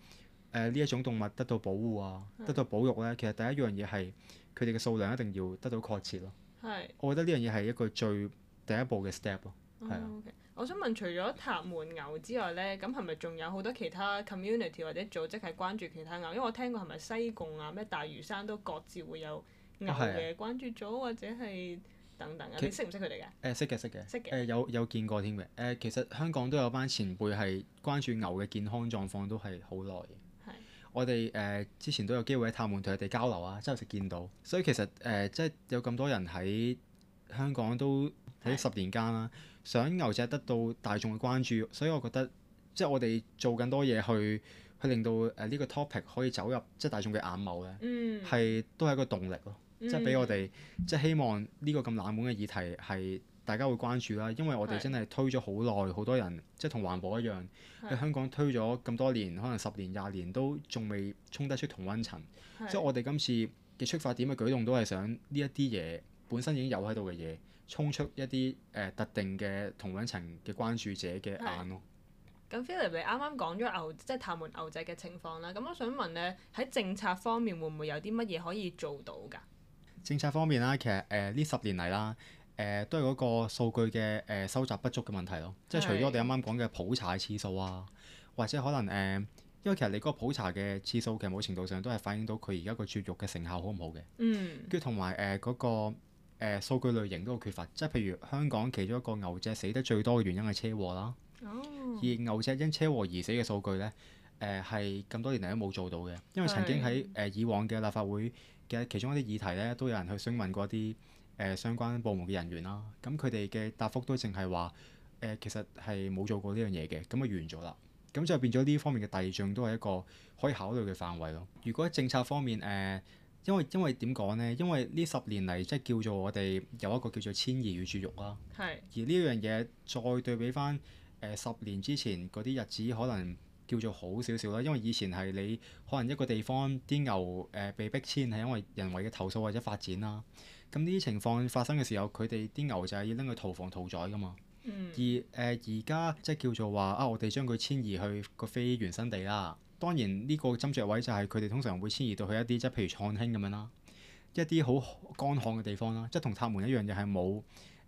誒呢一種動物得到保護啊，的得到保育咧，其實第一樣嘢係佢哋嘅數量一定要得到確切咯。係的，我覺得呢樣嘢係一個最第一步嘅 step 咯。係啊，我想問除咗塔門牛之外咧，咁係咪仲有好多其他 community 或者組織係關注其他牛？因為我聽過係咪西貢啊、咩大嶼山都各自會有牛嘅關注組、啊，或者係等等嘅、啊。其你認認識唔、呃、識佢哋嘅？誒識嘅識嘅識嘅誒有有，有見過添嘅誒其實香港都有班前輩係關注牛嘅健，健康狀況都係好耐。我哋誒、呃、之前都有機會喺塔門同佢哋交流啊，即係見到，所以其實誒、呃、即係有咁多人喺香港都喺十年間啦，的想牛隻得到大眾嘅關注，所以我覺得即係我哋做更多嘢去去令到誒呢、呃這個 topic 可以走入即係大眾嘅眼眸咧，係、嗯、都係一個動力咯，嗯、即係俾我哋即係希望呢個咁冷門嘅議題係。大家會關注啦，因為我哋真係推咗好耐，好是多人即係同環保一樣喺是香港推咗咁多年，可能十年、廿年都仲未衝得出同溫層。即係是我哋今次嘅出發點嘅舉動都，都係想呢一啲嘢本身已經有喺度嘅嘢，衝出一啲誒、呃、特定嘅同溫層嘅關注者嘅眼咯。咁 Philip，你啱啱講咗牛，即係塔門牛仔嘅情況啦。咁我想問咧，喺政策方面會唔會有啲乜嘢可以做到㗎？政策方面啦，其實誒呢、呃、十年嚟啦。誒、呃、都係嗰個數據嘅誒、呃、收集不足嘅問題咯，即係除咗我哋啱啱講嘅普查嘅次數啊，的或者可能誒、呃，因為其實你嗰個普查嘅次數其實某程度上都係反映到佢而家個絕育嘅成效好唔好嘅。嗯。跟住同埋誒嗰個誒、呃、數據類型都好缺乏，即係譬如香港其中一個牛隻死得最多嘅原因係車禍啦。哦、而牛隻因車禍而死嘅數據咧，誒係咁多年嚟都冇做到嘅，因為曾經喺誒、呃、以往嘅立法會嘅其中一啲議題咧，都有人去詢問過啲誒、呃、相關部門嘅人員啦，咁佢哋嘅答覆都淨係話誒，其實係冇做過呢樣嘢嘅，咁啊完咗啦，咁就變咗呢方面嘅第二種都係一個可以考慮嘅範圍咯。如果政策方面誒、呃，因為因為點講呢？因為呢十年嚟即係叫做我哋有一個叫做遷移與絕育啦。係、啊、是而呢樣嘢再對比翻誒、呃、十年之前嗰啲日子，可能叫做好少少啦，因為以前係你可能一個地方啲牛誒、呃、被逼遷係因為人為嘅投訴或者發展啦。啊咁呢啲情況發生嘅時候，佢哋啲牛就係要拎去屠房屠宰噶嘛。嗯、而誒而家即係叫做話啊，我哋將佢遷移去個非原生地啦。當然呢個斟酌位就係佢哋通常會遷移到去一啲即係譬如創興咁樣啦，一啲好乾旱嘅地方啦，即係同塔門一樣，又係冇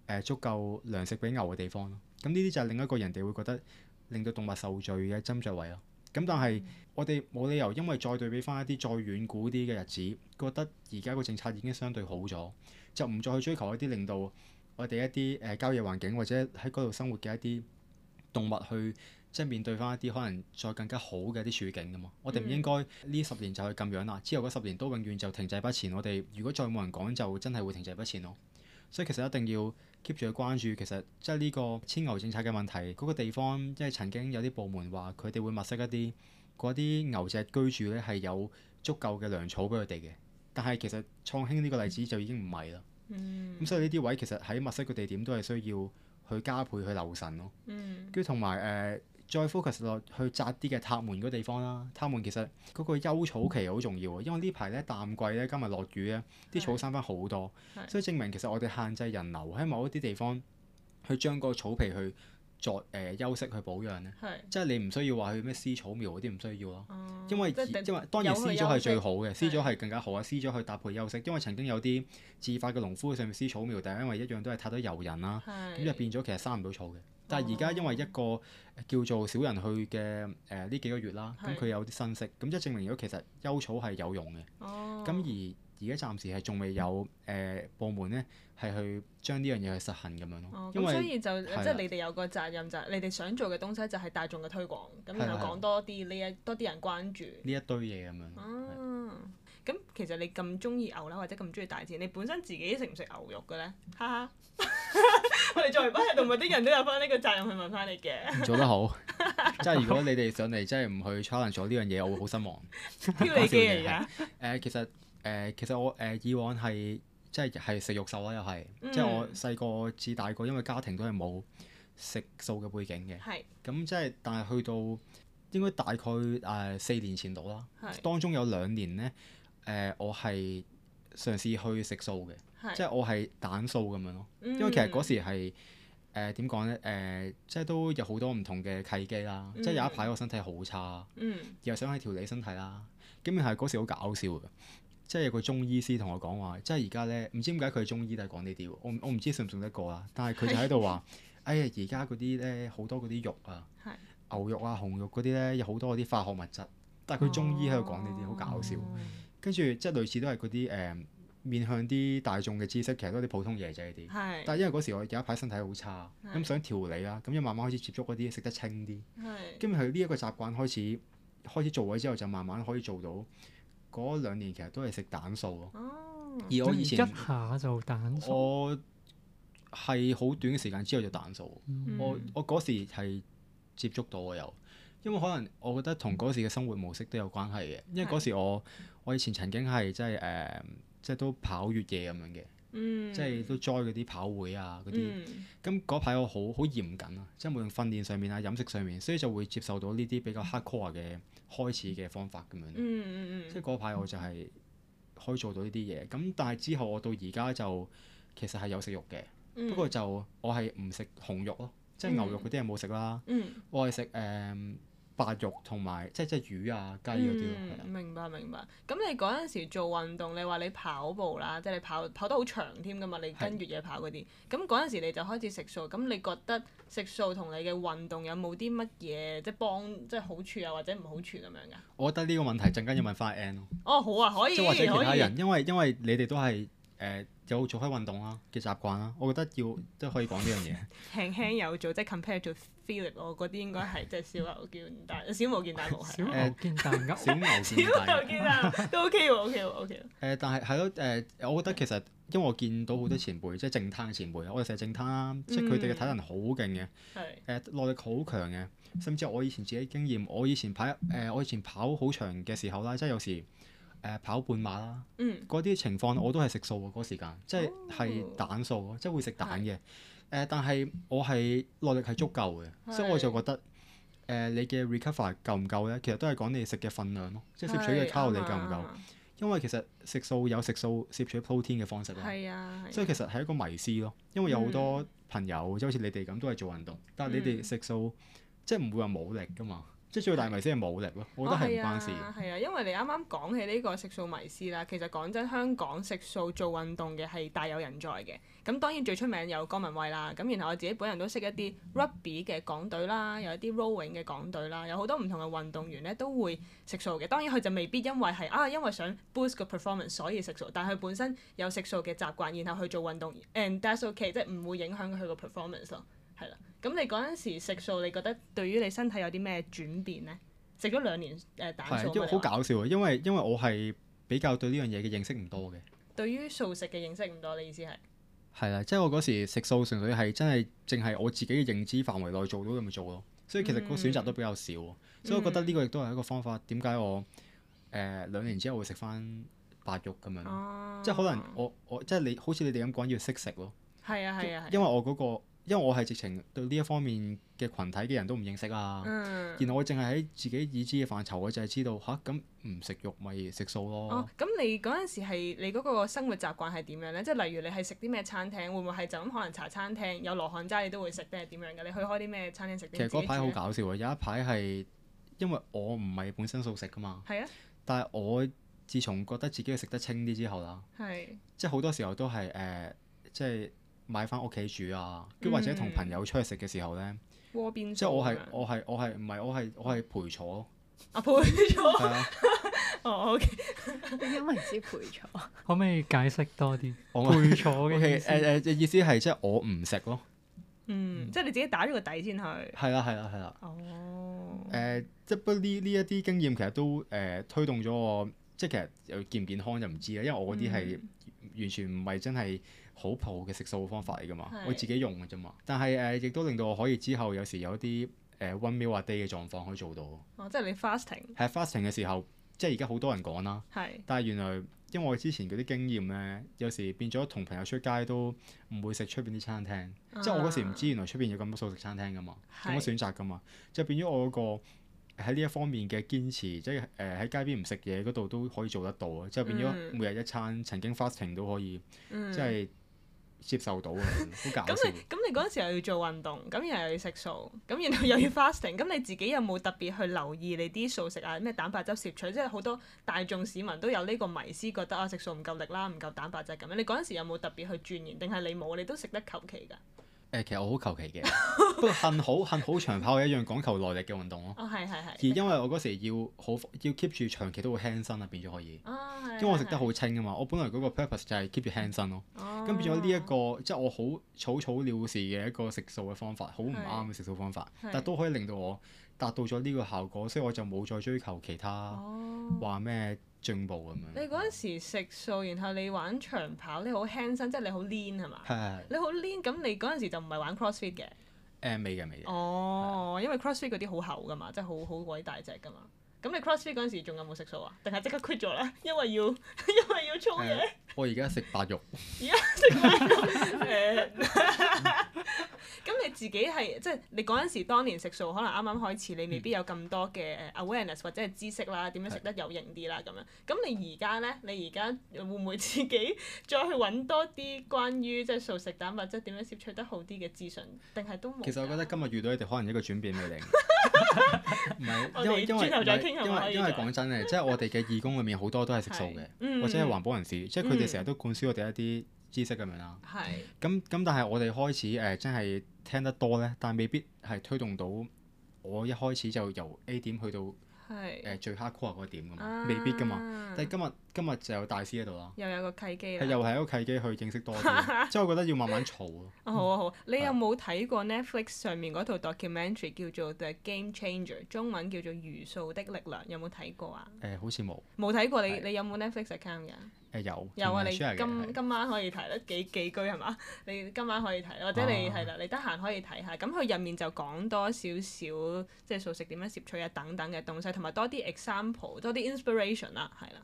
誒足夠糧食俾牛嘅地方咯。咁呢啲就係另一個人哋會覺得令到動物受罪嘅斟酌位啊。咁但係我哋冇理由，因為再對比翻一啲再遠古啲嘅日子，覺得而家個政策已經相對好咗，就唔再去追求一啲令到我哋一啲誒郊野環境或者喺嗰度生活嘅一啲動物去即係面對翻一啲可能再更加好嘅一啲處境㗎嘛。我哋唔應該呢十年就去噉樣啦，之後嗰十年都永遠就停滯不前。我哋如果再冇人講，就真係會停滯不前咯。所以其實一定要 keep 住去關注，其實即係呢個遷牛政策嘅問題，嗰、那個地方即係曾經有啲部門話佢哋會物色一啲嗰啲牛隻居住，咧係有足夠嘅糧草俾佢哋嘅，但係其實創興呢個例子就已經唔係啦。咁、嗯、所以呢啲位其實喺物色嘅地點都係需要去加倍去留神咯。跟住同埋誒。再 focus 落去窄啲嘅塔門嗰地方啦，塔門其實嗰個休草期好重要，因為呢排咧淡季咧，今日落雨咧，啲草生翻好多，所以證明其實我哋限制人流喺某一啲地方，去將個草皮去作誒休息去保養咧，即係你唔需要話去咩撕草苗嗰啲唔需要咯，因為因為當然撕咗係最好嘅，撕咗係更加好啊，撕咗去搭配休息，因為曾經有啲自發嘅農夫去上面撕草苗，但係因為一樣都係太多遊人啦，咁就變咗其實生唔到草嘅。但係而家因為一個叫做少人去嘅誒呢幾個月啦，咁佢是有啲新息，咁即係證明如果其實休草係有用嘅。咁、哦、而而家暫時係仲未有誒部、呃、門咧，係去將呢樣嘢去實行咁樣咯。咁、哦、為所以就的即係你哋有個責任就係的你哋想做嘅東西就係大眾嘅推廣，咁的然後講多啲呢一的的多啲人關注。呢一堆嘢咁樣。嗯、啊。咁其實你咁中意牛啦，或者咁中意大自然，你本身自己食唔食牛肉嘅咧？哈，哈， 我哋作為不吃動物，啲人都有翻呢個責任去問翻你嘅。是是做得好，即係 如果你哋上嚟即係唔去 challenge 咗呢樣嘢，我會好失望。講笑嘅，誒 其實誒、呃、其實我誒以往係即係係食肉獸啦，又係、嗯、即係我細個至大個，因為家庭都係冇食素嘅背景嘅。咁是即係但係去到應該大概誒四、呃、年前度啦，當中有兩年咧。是誒、呃，我係嘗試去食素嘅，是即係我係蛋素咁樣咯。嗯、因為其實嗰時係誒點講咧？誒、呃呃、即係都有好多唔同嘅契機啦。嗯、即係有一排我身體好差，嗯、又想去調理身體啦。咁咪係嗰時好搞笑嘅，即係有個中醫師同我講話，即係而家咧唔知點解佢中醫都係講呢啲喎。我我唔知信唔信得過啦。但係佢就喺度話：是哎呀，而家嗰啲咧好多嗰啲肉啊，是牛肉啊、紅肉嗰啲咧，有好多嗰啲化學物質。但係佢中醫喺度講呢啲好搞笑。嗯跟住即係類似都係嗰啲誒面向啲大眾嘅知識，其實都係啲普通嘢啫。呢啲是，但係因為嗰時我有一排身體好差，咁是、嗯、想調理啦，咁就慢慢開始接觸嗰啲食得清啲。跟住佢呢一個習慣開始開始做咗之後，就慢慢可以做到嗰兩年，其實都係食蛋素咯。哦、而我以前一下就蛋素。嗯、我係好短嘅時間之後就蛋素。嗯、我我嗰時係接觸到我有。因為可能我覺得同嗰時嘅生活模式都有關係嘅，因為嗰時我我以前曾經係即係誒，即係都跑越野咁樣嘅，嗯、即係都 join 嗰啲跑會啊嗰啲，咁嗰排我好好嚴謹啊，即係無論訓練上面啊、飲食上面，所以就會接受到呢啲比較 hardcore 嘅開始嘅方法咁樣，嗯嗯、即係嗰排我就係可以做到呢啲嘢，咁但係之後我到而家就其實係有食肉嘅，嗯、不過就我係唔食紅肉咯，嗯、即係牛肉嗰啲係冇食啦，我係食誒。嗯嗯白肉同埋即係即係魚啊、雞嗰啲、嗯的。明白明白。咁你嗰陣時做運動，你話你跑步啦，即係你跑跑得好長添噶嘛？你跟越野跑嗰啲。咁嗰陣時你就開始食素，咁你覺得食素同你嘅運動有冇啲乜嘢即係幫即係好處啊，或者唔好處咁樣嘅？我覺得呢個問題陣間要問翻 Ann 咯。哦好啊，可以。即或者其他人，以因為因為你哋都係誒、呃、有做開運動啦嘅習慣啦，我覺得要即係可以講呢樣嘢。 輕輕有做，即係 compare t Philip，我嗰啲應該係即係小牛健大牛，小毛健大毛係。小牛健大牛噏。小牛健大牛都 OK 喎，OK 喎，OK 喎。誒，但係係咯，誒，我覺得其實因為我見到好多前輩，即係淨灘前輩，我哋成日淨灘啦，即係佢哋嘅體能好勁嘅，誒耐力好強嘅，甚至我以前自己經驗，我以前跑誒，我以前跑好長嘅時候啦，即係有時誒跑半馬啦，嗰啲情況我都係食素嘅嗰時間，即係係蛋素咯，即係會食蛋嘅。誒、呃，但係我係耐力係足夠嘅，是所以我就覺得誒、呃，你嘅 recover 夠唔夠咧？其實都係講你食嘅分量咯，是即係攝取嘅卡路里 b 夠唔夠？的因為其實食素有食素攝取 protein 嘅方式咯，所以其實係一個迷思咯。因為有好多朋友即好似你哋咁都係做運動，但係你哋食素、嗯、即唔會話冇力噶嘛。即係最大大迷思係冇力咯，哦、我覺得係唔關事。係啊，啊，因為你啱啱講起呢個食素迷思啦，其實講真，香港食素做運動嘅係大有人在嘅。咁當然最出名有江文蔚啦，咁然後我自己本人都識一啲 rugby 嘅港隊啦，有一啲 rowing 嘅港隊啦，有好多唔同嘅運動員呢都會食素嘅。當然佢就未必因為係啊，因為想 boost 個 performance 所以食素，但係佢本身有食素嘅習慣，然後去做運動，誒都係 OK，即係唔會影響佢個 performance 咯、啊。係啦。咁你嗰陣時食素，你覺得對於你身體有啲咩轉變呢？食咗兩年誒、呃、蛋素，係啊的，即係好說搞笑啊！因為因為我係比較對呢樣嘢嘅認識唔多嘅。對於素食嘅認識唔多，你意思係？係啦，即、就、係、是、我嗰時食素純粹係真係淨係我自己嘅認知範圍內做到咁咪做咯，所以其實個選擇都比較少，嗯、所以我覺得呢個亦都係一個方法。點解、嗯、我誒、呃、兩年之後會食翻白肉咁樣？啊、即係可能我我，我即係你好似你哋咁講要識食咯，係啊係啊，因為我嗰個因為我係直情對呢一方面嘅群體嘅人都唔認識啊，嗯、然後我淨係喺自己已知嘅範疇，我就係知道吓，咁唔食肉咪食素咯。哦，咁你嗰陣時係你嗰個生活習慣係點樣咧？即係例如你係食啲咩餐廳，會唔會係就咁可能茶餐廳有羅漢齋你都會食定係點樣嘅？你去開啲咩餐廳食？其實嗰排好搞笑啊！有一排係因為我唔係本身素食噶嘛，啊、但係我自從覺得自己食得清啲之後啦，啊、即係好多時候都係誒、呃，即係。呃即買翻屋企煮啊，跟或者同朋友出去食嘅時候咧，嗯喔啊、即係我係我係我係唔係我係我係陪坐啊，啊陪坐，哦、 啊，我因為唔知陪坐可唔可以解釋多啲我陪坐嘅？誒誒意思係、okay, uh, uh, 即係我唔食咯，嗯，嗯即係你自己打咗個底先去，係啦係啦係啦，哦、 啊，誒即係不過呢呢一啲經驗其實都誒、呃、推動咗我，即係其實有健唔健康就唔知啦，因為我嗰啲係。完全唔係真係好普嘅食素方法嚟噶嘛，是我自己用嘅啫嘛。但係誒、呃，亦都令到我可以之後有時有啲誒、呃呃、one meal a day 嘅狀況可以做到。哦，即係你 fasting 係 fasting 嘅時候，即係而家好多人講啦。是但係原來因為我之前嗰啲經驗呢，有時變咗同朋友出街都唔會食出邊啲餐廳，即係、啊、我嗰時唔知原來出邊有咁多素食餐廳噶嘛，咁多是選擇噶嘛，就變咗我嗰個。喺呢一方面嘅堅持，即係誒喺街邊唔食嘢嗰度都可以做得到啊！即係變咗每日一餐，曾經 fasting 都可以，即係、嗯、接受到咁、嗯、 你咁你嗰陣時又要做運動，咁又又要食素，咁然後又要 fasting，咁 你自己有冇特別去留意你啲素食啊？咩蛋白質攝取，即係好多大眾市民都有呢個迷思，覺得啊食素唔夠力啦，唔夠蛋白質咁樣。你嗰陣時有冇特別去鑽研？定係你冇？你都食得求其㗎？誒其實我好求其嘅， 不過幸好幸好長跑係一樣講求耐力嘅運動咯。 而因為我嗰時要好要 keep 住長期都好輕身啊，變咗可以。哦、因為我食得好清啊嘛，我本來嗰個 purpose 就係 keep 住輕身咯。咁、哦、變咗呢一個、哦、即係我好草草了事嘅一個食素嘅方法，好唔啱嘅食素方法，的但都可以令到我達到咗呢個效果，所以我就冇再追求其他話咩。哦進步咁樣。你嗰陣時食素，然後你玩長跑，你好輕身，即係你好 lean 係嘛？係是的 你好 lean 咁你嗰陣時就唔係玩 crossfit 嘅？誒、呃，未嘅未哦，是的 因為 crossfit 嗰啲好厚㗎嘛，即係好好鬼大隻㗎嘛。咁你 crossfit 嗰陣時仲有冇食素啊？定係即刻 quit 咗啦？因為要，因為要操嘢、呃。我而家食白肉。而家食白肉。誒。 咁你自己係即係你嗰陣時當年食素，可能啱啱開始，你未必有咁多嘅 awareness 或者係知識啦，點樣食得有型啲啦咁樣。咁你而家咧，你而家會唔會自己再去揾多啲關於即係素食蛋白質點樣攝取得好啲嘅資訊，定係都冇？其實我覺得今日遇到你哋，可能一個轉變嚟嘅。唔係，因為最後再傾下，因為因為因為講真咧，即係我哋嘅義工裏面好多都係食素嘅，的嗯、或者係環保人士，即係佢哋成日都灌輸我哋一啲。 知識咁樣啦，咁咁但係我哋開始誒真係聽得多咧，但係未必係推動到我一開始就由 A 點去到誒最 hard core 嗰個點噶嘛，未必噶嘛。但係今日今日就有大師喺度啦，又有個契機，又係一個契機去認識多啲。即係我覺得要慢慢嘈咯。好啊好，你有冇睇過 Netflix 上面嗰套 documentary 叫做 The Game Changer，中文叫做《茹素的力量》，有冇睇過啊？誒，好似冇。冇睇過，你你有冇 Netflix account 嘅？誒有有啊！你今今晚可以睇得幾幾句係嘛？你今晚可以睇，或者你係啦，你得閒可以睇下。咁佢入面就講多少少即係素食點樣攝取啊，等等嘅東西，同埋多啲 example，多啲 inspiration 啦，係啦。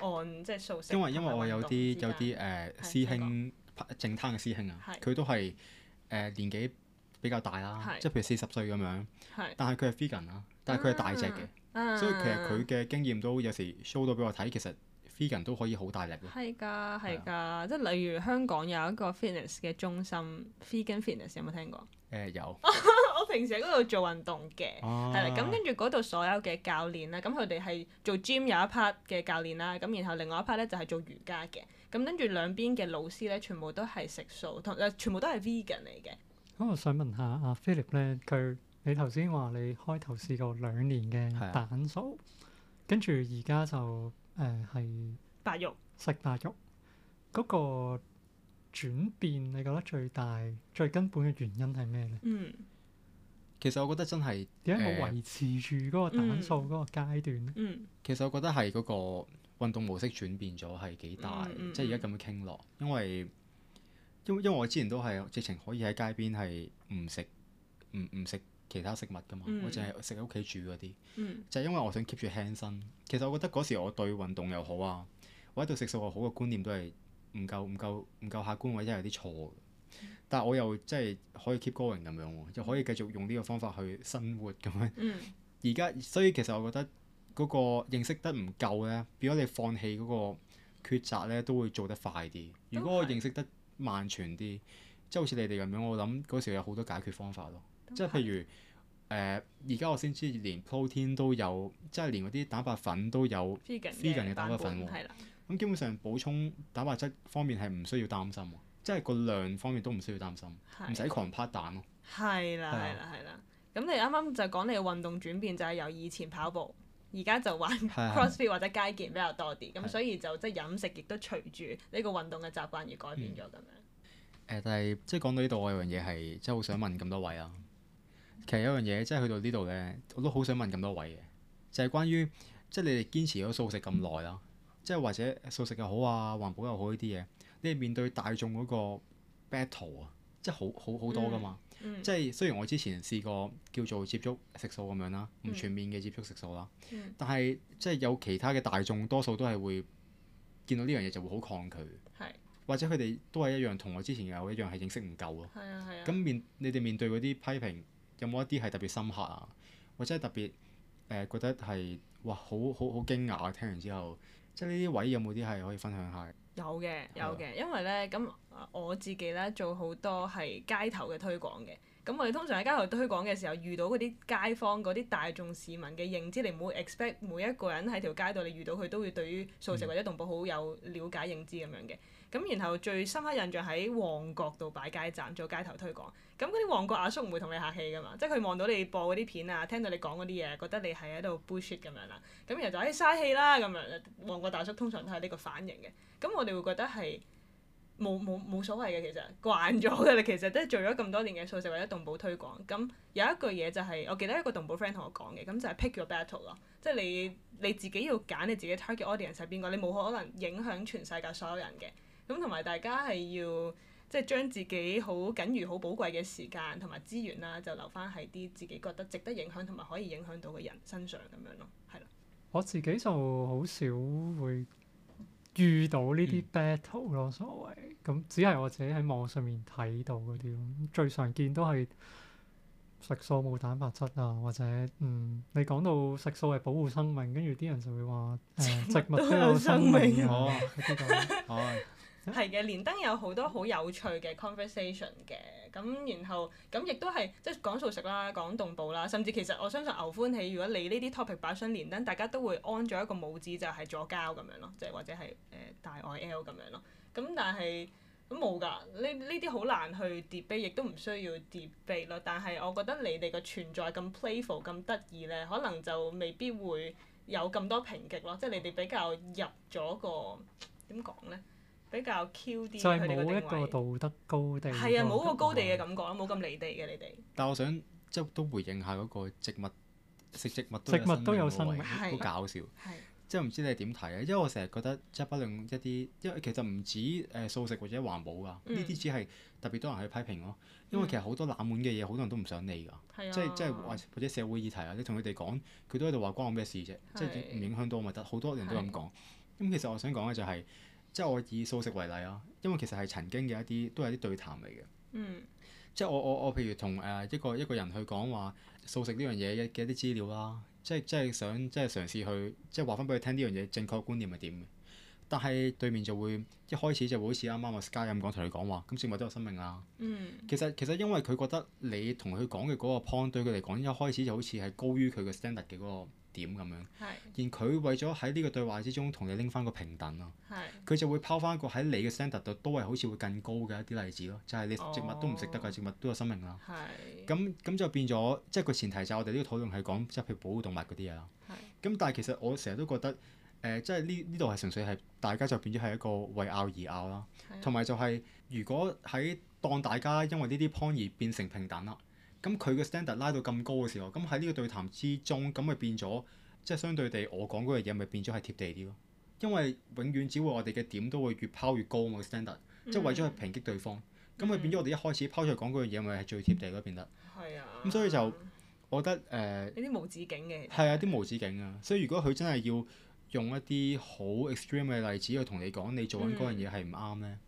按即係素食。因為因為我有啲有啲誒師兄，正靜嘅師兄啊，佢都係誒年紀比較大啦，即係譬如四十歲咁樣，但係佢係 figure 啦，但係佢係大隻嘅，所以其實佢嘅經驗都有時 show 到俾我睇，其實。Vegan 都可以好大力嘅，係㗎，係㗎，即係的例如香港有一個 fitness 嘅中心的，Vegan Fitness 有冇聽過？誒、呃、有， 我平時喺嗰度做運動嘅，係啦、啊，咁跟住嗰度所有嘅教練啦，咁佢哋係做 gym 有一 part 嘅教練啦，咁然後另外一 part 咧就係做瑜伽嘅，咁跟住兩邊嘅老師咧，全部都係食素同全部都係 vegan 嚟嘅。咁我想問下阿、啊、Philip 咧，佢你頭先話你開頭試過兩年嘅蛋素，跟住而家就。誒係、嗯、大肉食大肉嗰個轉變，你覺得最大最根本嘅原因係咩咧？嗯，其實我覺得真係點解冇我維持住嗰個蛋素嗰個階段咧、嗯？嗯，嗯其實我覺得係嗰個運動模式轉變咗係幾大，嗯嗯嗯、即係而家咁樣傾落，因為因為因為我之前都係直情可以喺街邊係唔食唔唔食，其他食物㗎嘛，嗯、我、嗯、淨係食喺屋企煮嗰啲，就係因為我想 keep 住輕身。其實我覺得嗰時我對運動又好啊，我喺度食素又好嘅觀念都係唔夠、唔夠、唔夠客觀，或者有啲錯。嗯、但我又即係可以 keep going 咁樣，又可以繼續用呢個方法去生活咁樣。而家、嗯、所以其實我覺得嗰個認識得唔夠咧，如果你放棄嗰個抉擇咧，都會做得快啲。是如果我認識得慢長啲，即係好似你哋咁樣，我諗嗰時有好多解決方法咯。即係譬如誒，而家我先知連 protein 都有，即係連嗰啲蛋白粉都有 vegan 嘅蛋白粉喎。咁基本上補充蛋白質方面係唔需要擔心，即係個量方面都唔需要擔心，唔使狂拍蛋咯。係啦，係啦，係啦。咁你啱啱就講你嘅運動轉變，就係由以前跑步，而家就玩 crossfit 或者街健比較多啲。咁所以就即係飲食亦都隨住呢個運動嘅習慣而改變咗咁樣。誒，但係即係講到呢度，我有樣嘢係即係好想問咁多位啊。其實有樣嘢，即係去到呢度咧，我都好想問咁多位嘅，就係關於即係你哋堅持咗素食咁耐啦，即係或者素食又好啊，環保又好呢啲嘢，你哋面對大眾嗰個 battle 啊，即係好好好多㗎嘛。即係雖然我之前試過叫做接觸食素咁樣啦，唔全面嘅接觸食素啦，但係即係有其他嘅大眾，多數都係會見到呢樣嘢就會好抗拒，或者佢哋都係一樣同我之前有一樣係認識唔夠咯。啊係咁面你哋面對嗰啲批評？有冇一啲係特別深刻啊，或者係特別誒、呃、覺得係哇好好好驚訝，聽完之後，即係呢啲位有冇啲係可以分享下？有嘅有嘅，因為咧咁我自己咧做好多係街頭嘅推廣嘅。咁我哋通常喺街頭推廣嘅時候，遇到嗰啲街坊嗰啲大眾市民嘅認知，你唔會 expect 每一個人喺條街度你遇到佢都會對於素食或者動保好有了解認知咁樣嘅。嗯咁然後最深刻印象喺旺角度擺街站做街頭推廣，咁嗰啲旺角阿叔唔會同你客氣㗎嘛，即係佢望到你播嗰啲片啊，聽到你講嗰啲嘢，覺得你係喺度 bullshit 咁樣啦，咁然後就誒嘥氣啦咁樣，旺角大叔通常都係呢個反應嘅，咁我哋會覺得係冇冇冇所謂嘅，其實慣咗㗎啦，其實都係做咗咁多年嘅素食或者動保推廣，咁有一句嘢就係、是、我記得一個動保 friend 同我講嘅，咁就係、是、pick your battle 咯，即係你你自己要揀你自己 target audience 係邊個，你冇可能影響全世界所有人嘅。咁同埋大家係要即係將自己好緊要、好寶貴嘅時間同埋資源啦、啊，就留翻喺啲自己覺得值得影響同埋可以影響到嘅人身上咁樣咯，係啦。我自己就好少會遇到呢啲 battle 咯、嗯，所謂咁只係我自己喺網上面睇到嗰啲咯，最常見都係食素冇蛋白質啊，或者嗯你講到食素係保護生命，跟住啲人就會話誒植物都有生命啊，咁講、啊，哦。 係嘅、嗯，連登有好多好有趣嘅 conversation 嘅咁、嗯，然後咁、嗯、亦都係即係講素食啦，講動保啦，甚至其實我相信牛歡喜，如果你呢啲 topic 擺上連登，大家都會安咗一個帽子就係左膠咁樣咯，即係或者係誒、呃、大愛 L 咁樣咯。咁、嗯、但係都冇㗎，呢呢啲好難去 debate，亦都唔需要 debate 咯。但係我覺得你哋嘅存在咁 playful 咁得意咧，可能就未必會有咁多抨擊咯，即係你哋比較入咗個點講咧？比較 Q 啲佢就係冇一個道德高地，係啊，冇個高地嘅感覺啦，冇咁離地嘅你哋。但係我想即係都回應下嗰個植物，食植物，都有生命，好搞笑。即係唔知你點睇啊？因為我成日覺得，即係不論一啲，因為其實唔止誒素食或者環保啊，呢啲只係特別多人去批評咯。因為其實好多冷門嘅嘢，好多人都唔想理㗎，即係即係或者社會議題啊，你同佢哋講，佢都喺度話關我咩事啫？即係唔影響到我咪得，好多人都咁講。咁其實我想講嘅就係。即係我以素食為例啊，因為其實係曾經嘅一啲，都係一啲對談嚟嘅。嗯、即係我我我譬如同誒一個一個人去講話素食呢樣嘢嘅一啲資料啦，啊，即係即係想即係嘗試去即係話翻俾佢聽呢樣嘢正確觀念係點嘅。但係對面就會一開始就會好似啱啱阿 Sky 咁講，同佢講話，咁植物都有生命啊。嗯、其實其實因為佢覺得你同佢講嘅嗰個 point 對佢嚟講一開始就好似係高於佢個 standard 嘅嗰、嗰個。點咁樣？是而佢為咗喺呢個對話之中同你拎翻個平等咯，佢是就會拋翻一個喺你嘅 standard 度都係好似會更高嘅一啲例子咯，就係、是、你植物都唔食得㗎，哦、植物都有生命啦。咁咁是就變咗，即係個前提就係我哋呢個討論係講即係譬如保護動物嗰啲嘢啦。咁是但係其實我成日都覺得誒，即係呢呢度係純粹係大家就變咗係一個為拗而拗啦，同埋是就係、是、如果喺當大家因為呢啲 point 而變成平等啦。咁佢嘅 standard 拉到咁高嘅時候，咁喺呢個對談之中，咁咪變咗，即、就、係、是、相對地我講嗰樣嘢咪變咗係貼地啲咯。因為永遠只會我哋嘅點都會越拋越高嘛 standard 即係為咗去抨擊對方，咁咪、嗯、變咗我哋一開始拋出嚟講嗰樣嘢咪係最貼地咯變得。係咁、啊、所以就我覺得誒。呃、有啲無止境嘅。係啊，啲無止境啊，所以如果佢真係要。用一啲好 extreme 嘅例子去同你講，你做緊嗰、嗯、樣嘢係唔啱咧。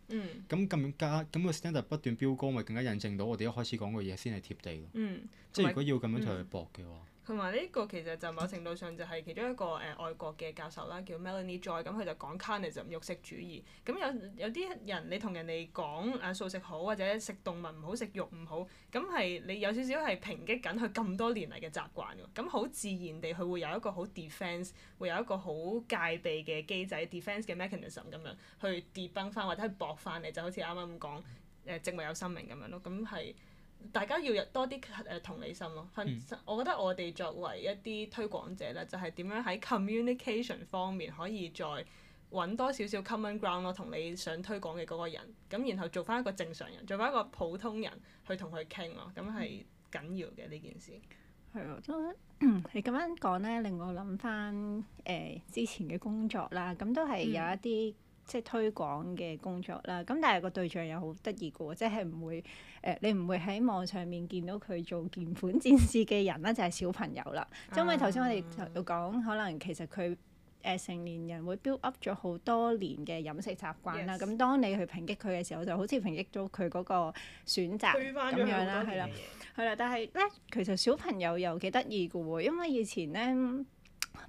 咁更加咁個 standard 不斷飆高，咪更加印證到我哋一開始講嘅嘢先係貼地。即係如果要咁樣同佢搏嘅話。嗯嗯同埋呢個其實就某程度上就係其中一個誒、呃、外國嘅教授啦，叫 Melanie Joy，咁、嗯、佢就講 carnism 肉食主義。咁、嗯、有有啲人你同人哋講素食好或者食動物唔好食肉唔好，咁、嗯、係你有少少係抨擊緊佢咁多年嚟嘅習慣喎。咁、嗯、好自然地佢會有一個好 defense 會有一個好戒備嘅機制 defense、嗯、嘅 mechanism 咁樣去跌崩翻或者去駁翻你，就好似啱啱咁講誒植物有生命咁樣咯。咁、嗯、係。嗯大家要入多啲同理心咯，嗯、我覺得我哋作為一啲推廣者咧，就係、是、點樣喺 communication 方面可以再揾多少少 common ground 咯，同你想推廣嘅嗰個人，咁然後做翻一個正常人，做翻一個普通人去同佢傾咯，咁係緊要嘅呢件事。係啊，即你咁樣講咧，令我諗翻誒之前嘅工作啦，咁都係有一啲。嗯即係推廣嘅工作啦，咁但係個對象又好得意嘅，即係唔會誒、呃，你唔會喺網上面見到佢做鍵盤戰士嘅人啦，就係、是、小朋友啦。啊、因為頭先我哋就講，可能其實佢誒、呃、成年人會 build up 咗好多年嘅飲食習慣啦。咁 Yes. 當你去抨擊佢嘅時候，就好似抨擊咗佢嗰個選擇咁樣啦，係啦，係 啦。但係咧，其實小朋友又幾得意嘅喎，因為以前咧，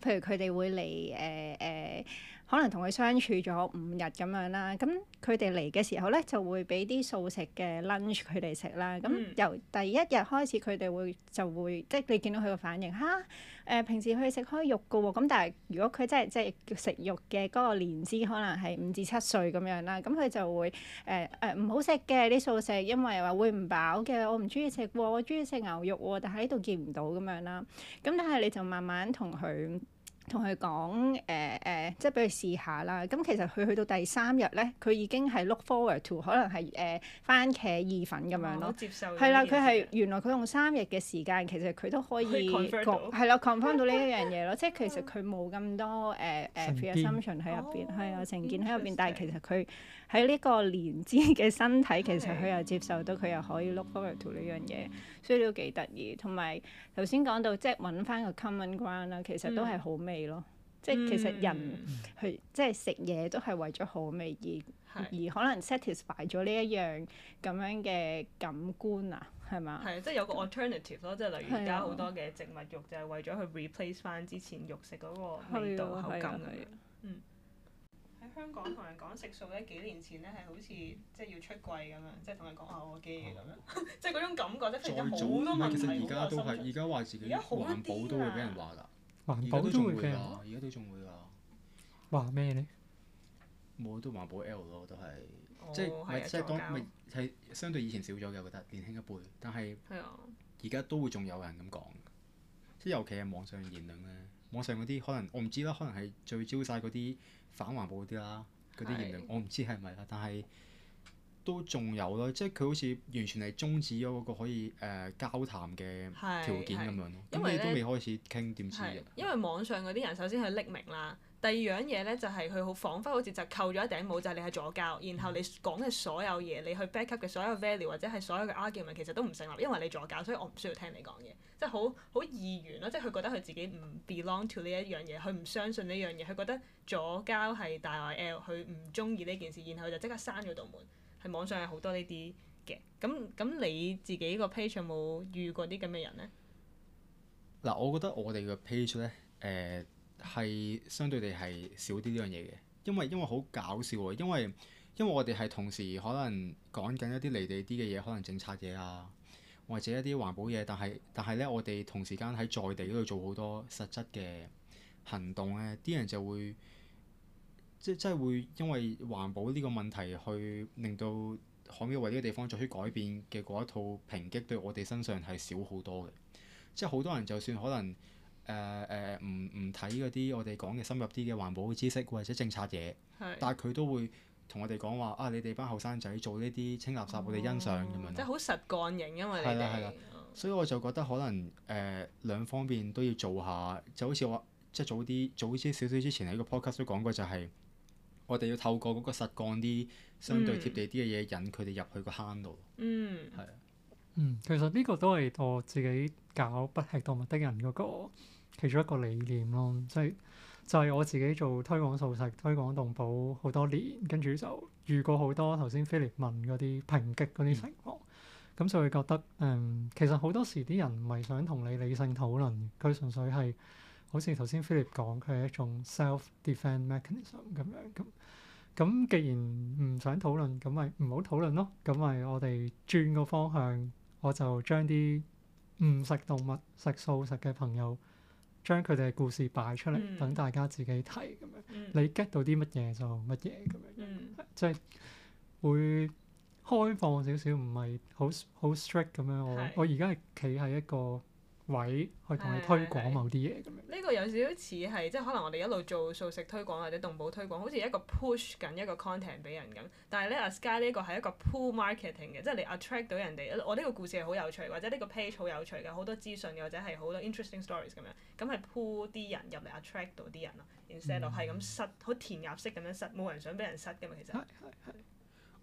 譬如佢哋會嚟誒誒。呃呃可能同佢相處咗五日咁樣啦，咁佢哋嚟嘅時候咧就會俾啲素食嘅 lunch 佢哋食啦。咁由第一日開始佢哋會就會，就會即你見到佢個反應，嚇誒、呃、平時佢食開肉㗎喎、哦，咁但係如果佢真係即係食肉嘅嗰個年資可能係五至七歲咁樣啦，咁佢就會誒誒唔好食嘅啲素食，因為話會唔飽嘅，我唔中意食喎，我中意食牛肉喎、哦，但喺度見唔到咁樣啦。咁但係你就慢慢同佢。同佢講誒誒，即係俾佢試下啦。咁其實佢去到第三日咧，佢已經係 look forward to，可能係誒、呃、番茄意粉咁、哦、樣咯。接係啦，佢係原來佢用三日嘅時間，其實佢都可以 c 係啦，confirm 到呢一樣嘢咯。即係其實佢冇咁多誒誒、呃 uh, pre assumption 喺入邊，係我成件喺入邊，但係其實佢。喺呢個年子嘅身體，其實佢又接受到，佢又可以 look forward to 呢樣嘢，所以都幾得意。同埋頭先講到即係揾翻個 common ground 啦，其實都係好味咯。嗯、即係其實人去即係食嘢都係為咗好味而是而可能 satisfy 咗呢一樣咁樣嘅感官啊，係嘛？係即係有個 alternative 咯，即係例如而家好多嘅植物肉，就係為咗去 replace 翻之前肉食嗰個味道、啊、口感咁、啊啊、嗯。嗯香港同人講食素咧，幾年前咧係好似即係要出櫃咁樣，即係同人講下、啊、我嘅嘢咁樣，啊、 即係嗰種感覺，早即係出現好多問題。而家都係，而家話自己環保都會俾人話啦。環保、啊、都仲會㗎，而家都仲會㗎。話咩咧？冇，都環保 L 咯，都係，哦、即係咪即係當咪係教相對以前少咗嘅，我覺得年輕一輩，但係而家都會仲有人咁講，即係尤其係網上言論咧。網上嗰啲可能我唔知啦，可能係聚焦曬嗰啲反環保嗰啲啦，嗰啲言論我唔知係咪啦，但係。都仲有咯，即係佢好似完全係終止咗嗰個可以誒、呃、交談嘅條件咁樣咯。咁是但你都未開始傾，點知？因為網上嗰啲人首先係匿名啦，第二樣嘢咧就係佢好彷彿好似就扣咗一頂帽，就係、是、你係左膠，然後你講嘅所有嘢，嗯、你去 back up 嘅所有 value 或者係所有嘅 argument 其實都唔成立，因為你左膠，所以我唔需要聽你講嘢、就是，即係好好意願咯。即係佢覺得佢自己唔 belong to 呢一樣嘢，佢唔相信呢樣嘢，佢覺得左膠係大愛 L，佢唔中意呢件事，然後就即刻閂咗道門。網上係好多呢啲嘅，咁咁你自己個 page 有冇遇過啲咁嘅人呢？嗱，我覺得我哋個 page 咧，誒、呃、係相對地係少啲呢樣嘢嘅，因為因為好搞笑喎，因為因為，因為我哋係同時可能講緊一啲離地啲嘅嘢，可能政策嘢啊，或者一啲環保嘢，但係但係咧，我哋同時間喺在地嗰度做好多實質嘅行動咧，啲人就會。即係即係會因為環保呢個問題去令到可以為呢個地方作出改變嘅嗰一套抨擊，對我哋身上係少好多嘅。即係好多人就算可能誒誒唔唔睇嗰啲我哋講嘅深入啲嘅環保知識或者政策嘢，是但係佢都會同我哋講話啊！你哋班後生仔做呢啲清垃圾，我哋欣賞咁、哦、樣，即係好實幹型，因為你哋，嗯、所以我就覺得可能誒、呃、兩方面都要做下，就好似我即係早啲早啲少少之前喺個 podcast 都講過、就是，就係。我哋要透過嗰個實幹啲、相對貼地啲嘅嘢，引佢哋入去個坑度。嗯，係啊是，嗯，其實呢個都係我自己搞不吃動物的人嗰個其中一個理念咯。即係就係、是就是、我自己做推廣素食、推廣動保好多年，跟住就遇過好多頭先 Philip 問嗰啲評擊嗰啲情況，咁、嗯、就會覺得誒、嗯，其實好多時啲人唔係想同你理性討論，佢純粹係好似頭先 Philip 講，佢係一種 self-defense mechanism 咁樣咁。咁既然唔想討論，咁咪唔好討論咯。咁咪我哋轉個方向，我就將啲唔食動物、食素食嘅朋友將佢哋嘅故事擺出嚟，等、嗯、大家自己睇咁樣。嗯、你 get 到啲乜嘢就乜嘢咁樣，即係、嗯、會開放少少，唔係好好 strict 咁樣。我是我而家係企喺一個位去同你推廣某啲嘢咁樣，呢個有少少似係即係可能我哋一路做素食推廣或者動保推廣，好似一個 push 緊一個 content 俾人咁。但係咧，阿 Sky 呢個係一個 pull marketing 嘅，即係你 attract 到人哋。我呢個故事係好有趣，或者呢個 page 好有趣嘅，好多資訊，又或者係好多 interesting stories 咁樣，咁係 pull 啲人入嚟 attract 到啲人咯。Inset 落係咁塞，好填鴨式咁樣塞，冇人想俾人塞㗎嘛，其實。係係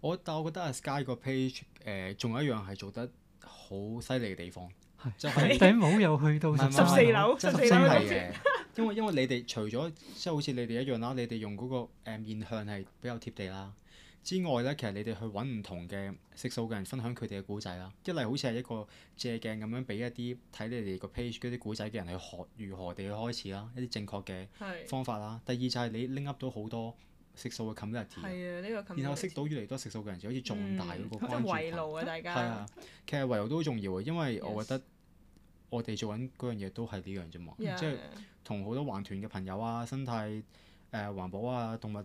我但我覺得阿 Sky 個 page 誒、呃，仲有一樣係做得好犀利嘅地方。就頂帽又去到十四樓，真係嘅。因為因為你哋除咗即係好似你哋一樣啦，你哋用嗰、嗰個誒面向係比較貼地啦。之外咧，其實你哋去揾唔同嘅食素嘅人分享佢哋嘅故仔啦。一嚟好似係一個借鏡咁樣，俾一啲睇你哋個 page 嗰啲古仔嘅人去學如何地去開始啦，一啲正確嘅方法啦。的第二就係你拎 up 到好多食素嘅 community、這個、commun 然後識到越嚟越多食素嘅人，就好似重大嗰個關、嗯。好真圍爐啊，大家。係啊，其實圍爐都好重要啊，因為我覺得。Yes. 我哋做緊嗰樣嘢都係呢樣啫嘛，Yeah. 即係同好多環團嘅朋友啊、生態、誒、呃、環保啊、動物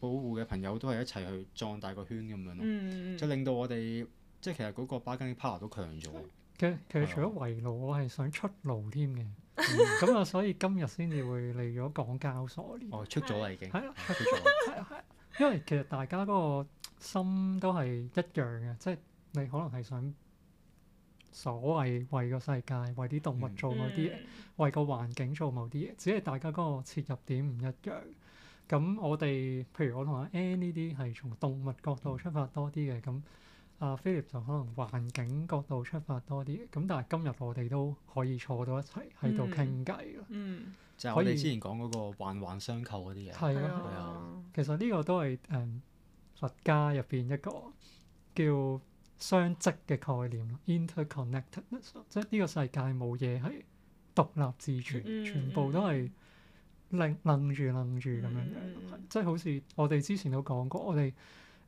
保護嘅朋友都係一齊去壯大個圈咁樣咯，mm. 就令到我哋即係其實嗰個巴金尼帕 o 都強咗。其實其實除咗維路，哦、我係想出路添嘅，咁、嗯、啊，所以今日先至會嚟咗港交所。 哦，出咗啦已經。係啊、 嗯，出咗。 因為其實大家嗰個心都係一樣嘅，即、就、係、是、你可能係想。所謂為個世界、為啲動物做某啲嘢、嗯、為個環境做某啲嘢，只係大家嗰個切入點唔一樣。咁我哋，譬如我同阿 Ann 呢啲係從動物角度出發多啲嘅，咁阿、嗯啊、Philip 就可能環境角度出發多啲。咁但係今日我哋都可以坐到一齊喺度傾偈咯。嗯，就以我哋之前講嗰個環環相扣嗰啲嘢。係啊，啊啊其實呢個都係誒、um, 佛家入邊一個叫相即嘅概念咯，interconnected，即係呢個世界冇嘢係獨立自存，嗯嗯、全部都係 link 住 link 住咁樣樣，嗯嗯、即係好似我哋之前都講過，我哋誒、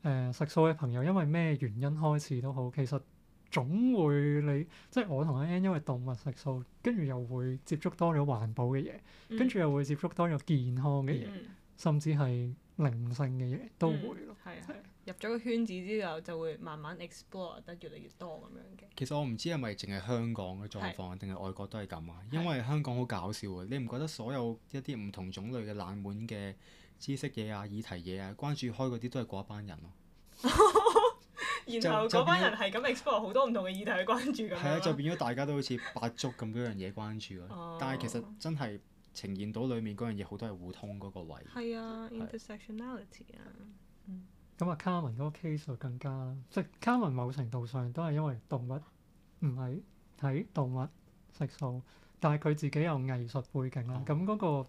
呃、食素嘅朋友因為咩原因開始都好，其實總會你即係我同阿 Ann 因為動物食素，跟住又會接觸多咗環保嘅嘢，跟住、嗯、又會接觸多咗健康嘅嘢，嗯、甚至係靈性嘅嘢都會咯。係啊、嗯。入咗個圈子之後，就會慢慢 explore 得越嚟越多咁樣嘅。其實我唔知係咪淨係香港嘅狀況，定係外國都係咁啊？因為香港好搞笑啊！你唔覺得所有一啲唔同種類嘅冷門嘅知識嘢啊、議題嘢啊、關注開嗰啲都係嗰一班人咯。然後嗰班人係咁 explore 好多唔同嘅議題去關注咁。係啊、呃，就變咗大家都好似八足咁多樣嘢關注咯。但係其實真係呈現到裡面嗰樣嘢好多係互通嗰個位。係啊，intersectionality 啊。咁啊，Carmen 嗰個 case 就更加，即係 Carmen 某程度上都係因為動物唔係喺動物食素，但係佢自己有藝術背景啦。咁嗰、嗯、個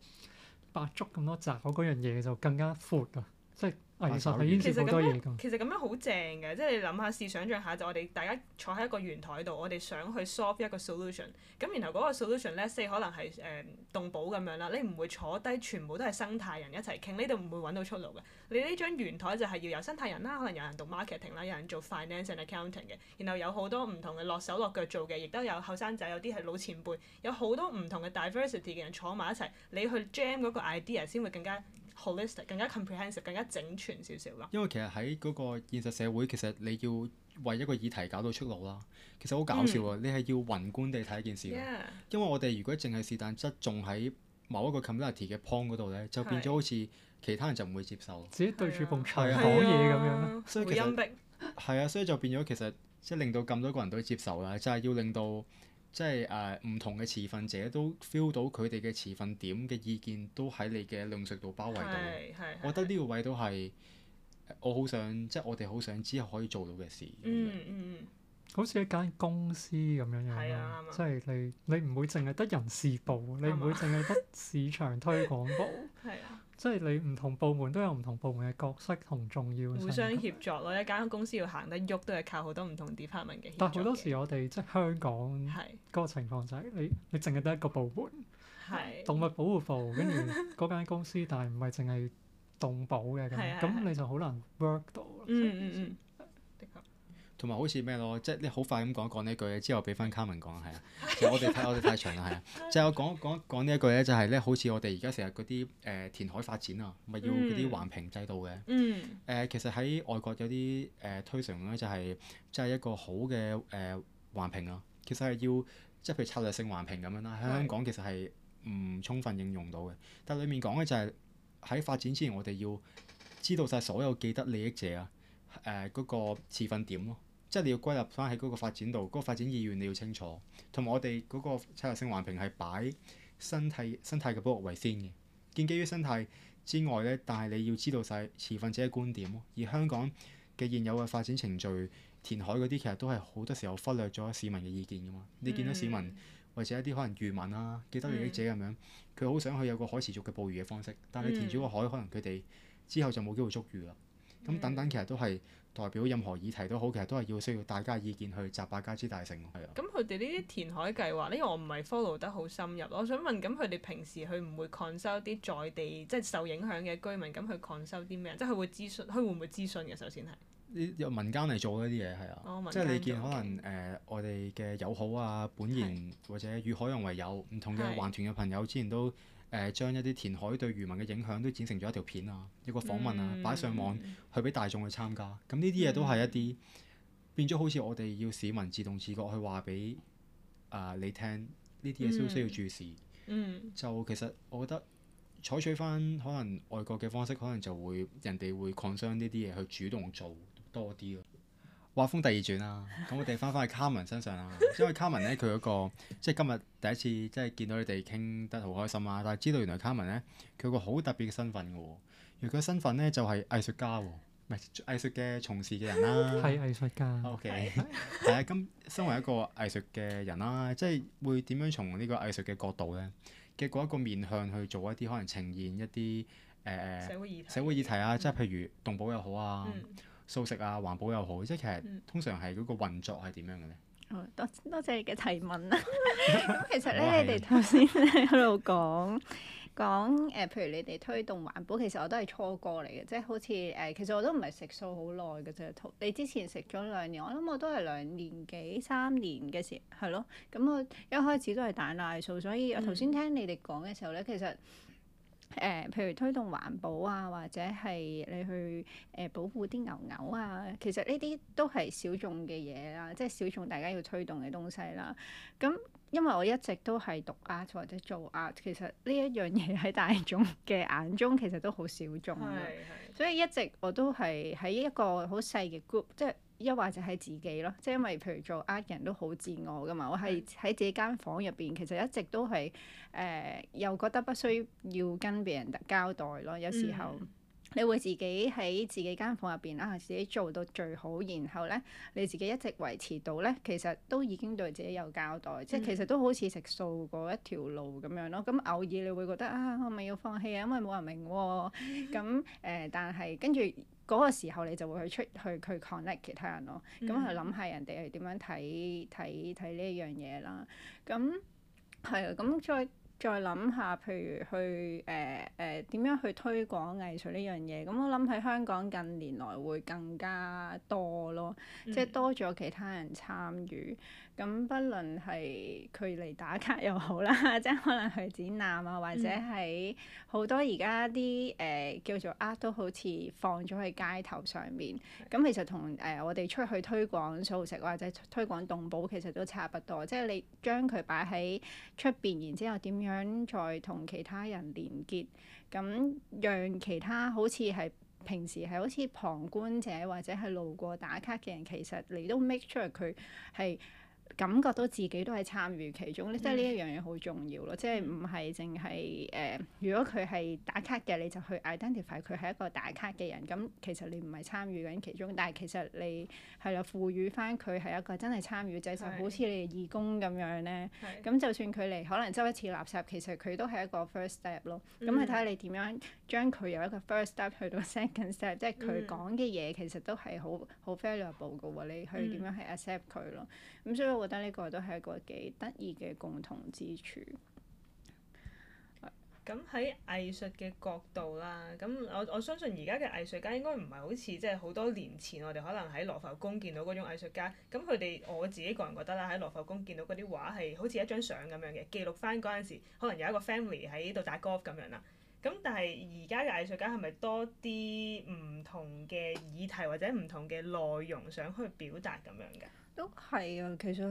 白粥咁多雜果嗰樣嘢就更加闊啊，即、就是其實其實咁樣其實咁樣好正嘅，即係你諗下試想像下，就我哋大家坐喺一個圓台度，我哋想去 solve 一個 solution。咁然後嗰個 solution, let's say 可能係誒、呃、動保咁樣啦，你唔會坐低全部都係生態人一齊傾，呢度唔會揾到出路嘅。你呢張圓台就係要有生態人啦，可能有人讀 marketing 啦，有人做 finance and accounting 嘅，然後有好多唔同嘅落手落腳做嘅，亦都有後生仔，有啲係老前輩，有好多唔同嘅 diversity 嘅人坐埋一齊，你去 jam 嗰個 idea 先會更加。Holistic 更加 comprehensive，更加整全少少咯。因為其實喺嗰個現實社會，其實你要為一個議題搞到出路啦。其實好搞笑啊！嗯、你係要宏觀地睇一件事 Yeah. 因為我哋如果淨係是但質，仲喺某一個 community 嘅 point 嗰度咧，就變咗好似其他人就唔會接受，只是對住部柴火嘢咁樣，啊、所以其實係啊，所以就變咗其實即係令到咁多個人都接受啦，就係、是、要令到。即係誒唔同嘅持份者都 feel 到佢哋嘅持份點嘅意見都喺你嘅論述度包圍到，我覺得呢個位都係我好想，即係我哋好想之後可以做到嘅事。嗯嗯、好似一間公司咁樣樣，啊、即係你你唔會淨係得人事部，嗎你唔會淨係得市場推廣部。係 啊。即係你唔同部門都有唔同部門嘅角色同重要，互相協助咯。那一間公司要行得喐，都係靠好多唔同 department 嘅。但係好多時我哋即係香港嗰個情況就係，你是你淨係得一個部門，是動物保護部跟住嗰間公司， 但係唔係淨係動保嘅咁，咁 你就好難 work 到、 嗯。嗯嗯嗯。同埋好似咩咯，即係你好快咁講講呢句，之後俾翻卡文講係啊。其實 我哋太我哋太長啦，係啊 。就我講講講呢一句咧，就係咧，好似我哋而家成日嗰啲誒填海發展啊，咪要嗰啲環評制度嘅、嗯。嗯。呃、其實喺外國有啲誒、呃、推崇咧、就係，就係即係一個好嘅誒環評啊。其實係要即係譬如策略性環評咁樣啦。係。香港其實係唔充分應用到嘅，但係裡面講咧就係喺發展之前，我哋要知道晒所有既得利益者、呃那個、啊，誒嗰個持分點咯。即係你要歸納翻喺嗰個發展度，嗰、嗰個發展意願你要清楚。同埋我哋嗰個策略性環評係擺生態生態嘅保護為先嘅，建基於生態之外咧，但係你要知道晒持份者嘅觀點咯。而香港嘅現有嘅發展程序填海嗰啲，其實都係好多時候忽略咗市民嘅意見㗎嘛。嗯、你見到市民或者一啲可能漁民啊、幾多利益者咁樣，佢好、嗯、想去有個可持續嘅捕魚嘅方式，但係你填咗個海，嗯、可能佢哋之後就冇機會捉魚啦。咁等等，其實都係。代表任何議題都好，其實都係要需要大家意見去集百家之大成。係啊。咁佢哋呢啲填海計劃呢？呢個、我唔係 follow 得好深入咯。我想問，咁佢哋平時佢唔會 concern 啲在地即係、就是、受影響嘅居民，咁佢 concern 啲咩？即係佢會諮詢，佢會唔會諮詢嘅？首先係呢由民間嚟做一啲嘢係啊，哦、即係你見可能誒、呃、我哋嘅友好啊、本然的或者與海洋為友唔同嘅環團嘅朋友之前都。誒、呃、將一啲填海對漁民嘅影響都剪成咗一條片啊，一個訪問啊，擺、嗯、上網去俾大眾去參加。咁呢啲嘢都係一啲變咗好似我哋要市民自動自覺去話俾啊你聽，呢啲嘢都需要注視。嗯嗯、就其實我覺得採取翻可能外國嘅方式，可能就會人哋會 concern 呢啲嘢去主動做多啲咯。《畫風第二轉》啊，咁我哋翻返去 Carmen 身上啦，因為 Carmen 咧佢嗰個即係今日第一次即係見到你哋傾得好開心啊，但係知道原來 Carmen 咧佢個好特別嘅身份嘅喎，而佢身份咧就係、是、藝術家喎、啊，唔係藝術嘅從事嘅人啦、啊。係藝術家。O K，係啊，咁、 嗯、身為一個藝術嘅人啦、啊，的即係會點樣從呢個藝術嘅角度咧嘅嗰一個面向去做一啲可能呈現一啲誒、呃、社，社會議題啊，即係譬如動保又好啊。嗯素食啊，環保又好，即係其實通常係嗰個運作係點樣嘅咧？多多謝你嘅提問啦。咁 其實咧呢， 是你哋頭先喺度講講誒，譬如你哋推動環保，其實我都係初哥嚟嘅，即係好似誒、呃，其實我都唔係食素好耐嘅啫。你之前食咗兩年，我諗我都係兩年幾三年嘅時，係咯。咁我一開始都係蛋奶素，所以我頭先聽你哋講嘅時候咧，嗯、其實。誒、呃，譬如推動環保啊，或者係你去誒、呃、保護啲牛牛啊，其實呢啲都係小眾嘅嘢啦，即係小眾大家要推動嘅東西啦。咁因為我一直都係讀 art 或者做 art，其實呢一樣嘢喺大眾嘅眼中其實都好小眾，所以一直我都係喺一個好細嘅 group，即係。一或者係自己咯，即係因為譬如做呃人都好自我噶嘛，我係喺自己間房入邊，其實一直都係誒、呃，又覺得不需要跟別人交代咯。有時候、嗯、你會自己喺自己間房入邊啊，自己做到最好，然後咧你自己一直維持到咧，其實都已經對自己有交代，嗯、即係其實都好似食素嗰一條路咁樣咯。咁偶爾你會覺得啊，我咪要放棄啊，因為冇人明喎。咁誒、嗯呃，但係跟住。嗰個時候你就會去出去去 connect 其他人咯，咁去諗下人哋係點樣睇睇睇呢一樣嘢啦。咁係啊，咁再再諗下，譬如去誒誒點樣去推廣藝術呢樣嘢。咁我諗喺香港近年來會更加多咯，即係多咗其他人參與。咁不論係距離打卡又好啦，即係可能去展覽啊，或者係好多而家啲誒叫做 art 都好似放咗喺街頭上面。咁其實同誒、呃、我哋出去推廣素食或者推廣動保其實都差不多，即係你將佢擺喺出邊，然之後點樣再同其他人連結，咁讓其他好似係平時係好似旁觀者或者係路過打卡嘅人，其實你都 make sure 佢係。感覺到自己都係參與其中、嗯、即係呢一樣嘢好重要咯。嗯、即係唔係淨係誒，Uh, 如果佢係打卡嘅，你就去 identify 佢係一個打卡嘅人。咁其實你唔係參與緊其中，但係其實你係啦，賦予翻佢係一個真係參與者，是就好似你義工咁樣咧。咁是就算佢嚟可能執一次垃圾，其實佢都係一個 first step 咯。咁、嗯、你睇下你點樣將佢由一個 first step 去到 second step、嗯、即係佢講嘅嘢其實都係好好 valuable 噶喎。你去點樣去 accept 佢咯？咁所以。覺得呢個都係一個幾得意嘅共同之處。咁喺、嗯、藝術嘅角度啦，咁我我相信而家嘅藝術家應該唔係好似即係好多年前我哋可能喺羅浮宮見到嗰種藝術家，咁佢哋我自己個人覺得啦，喺羅浮宮見到嗰啲畫係好似一張相咁樣嘅，記錄翻嗰陣時可能有一個 family 喺度打 golf 咁樣啦。咁但係而家嘅藝術家係咪多啲唔同嘅議題或者唔同嘅內容想去表達咁樣㗎？都係啊！其實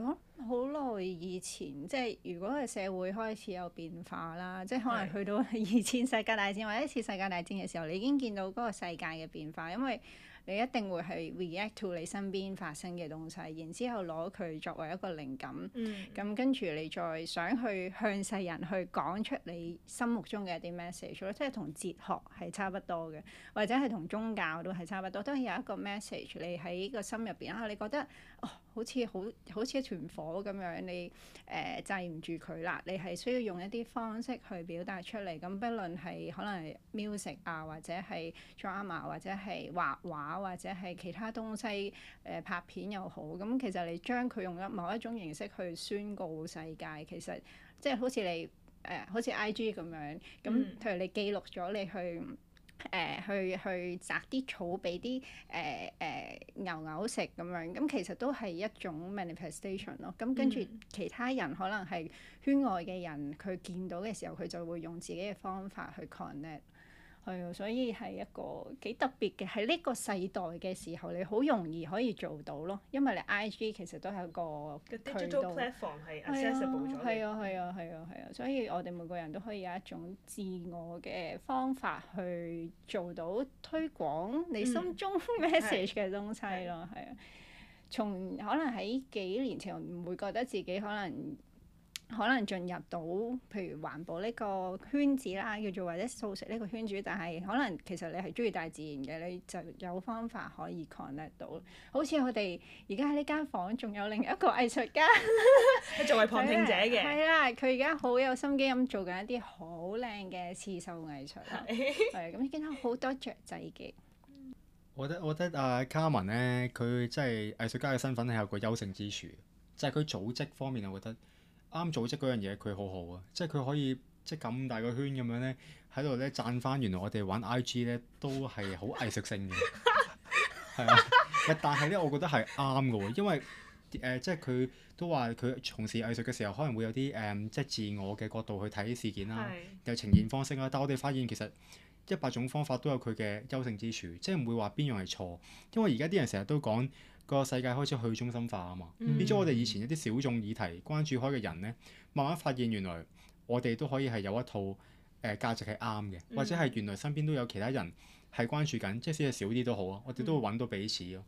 好耐以前，即係如果個社會開始有變化啦，即係可能去到二次世界大戰或者一次世界大戰嘅時候，你已經見到嗰個世界嘅變化，因為你一定會係 react to 你身邊發生嘅東西，然之後攞佢作為一個靈感，咁、嗯、跟住你再想去向世人去講出你心目中嘅一啲 message 咯，即係同哲學係差不多嘅，或者係同宗教都係差不多，當然有一個 message 你喺個心入邊啊，你覺得。哦，好似好好似一團火咁樣，你誒、呃、制唔住佢啦，你係需要用一啲方式去表達出嚟。咁不論係可能係 music 啊，或者係 drama，或者係畫畫，或者係其他東西誒、呃、拍片又好。咁其實你將佢用咗某一種形式去宣告世界，其實即係好似你誒、呃、好似 IG 咁樣，咁譬如你記錄咗你去。誒、呃、去去摘啲草俾啲誒誒牛牛食咁樣，咁其實都係一種 manifestation 咯。咁跟住其他人可能係圈外嘅人，佢見到嘅時候，佢就會用自己嘅方法去 connect。係啊，所以係一個幾特別嘅，喺呢個世代嘅時候，你好容易可以做到咯，因為你 I G 其實都係一個渠道。啲 social platform 係 accessible 咗。係啊，係啊，係啊，係啊，所以我哋每個人都可以有一種自我嘅方法去做到推廣你心中 message 嘅東西咯。係啊，從可能喺幾年前唔會覺得自己可能。可能進入到譬如環保呢個圈子啦，叫做或者素食呢個圈子，但係可能其實你係中意大自然嘅，你就有方法可以 connect 到。好似我哋而家喺呢間房，仲有另一個藝術家， 作為旁聽者嘅。係啦， 佢而家好有心機咁做緊一啲好靚嘅刺繡藝術啦，係咁 見到好多雀仔嘅 。我覺得我覺得啊，卡文咧，佢即係藝術家嘅身份係有個優勝之處，就係、是、佢組織方面，我覺得。啱組織嗰樣嘢，佢好好啊！即係佢可以即係咁大個圈咁樣咧，喺度咧賺翻。原來我哋玩 IG 咧都係好藝術性嘅，係啊。但係咧，我覺得係啱㗎喎，因為誒、呃，即係佢都話佢從事藝術嘅時候可能會有啲誒、呃，即係自我嘅角度去睇事件啦，又呈現方式啦。但係我哋發現其實一百種方法都有佢嘅優勝之處，即係唔會話邊樣係錯。因為而家啲人成日都講。個世界開始去中心化啊嘛，嗯、變咗我哋以前一啲小眾議題關注開嘅人咧，慢慢發現原來我哋都可以係有一套誒、呃、價值係啱嘅，嗯、或者係原來身邊都有其他人係關注緊，即使係少啲都好啊，嗯、我哋都會揾到彼此咯。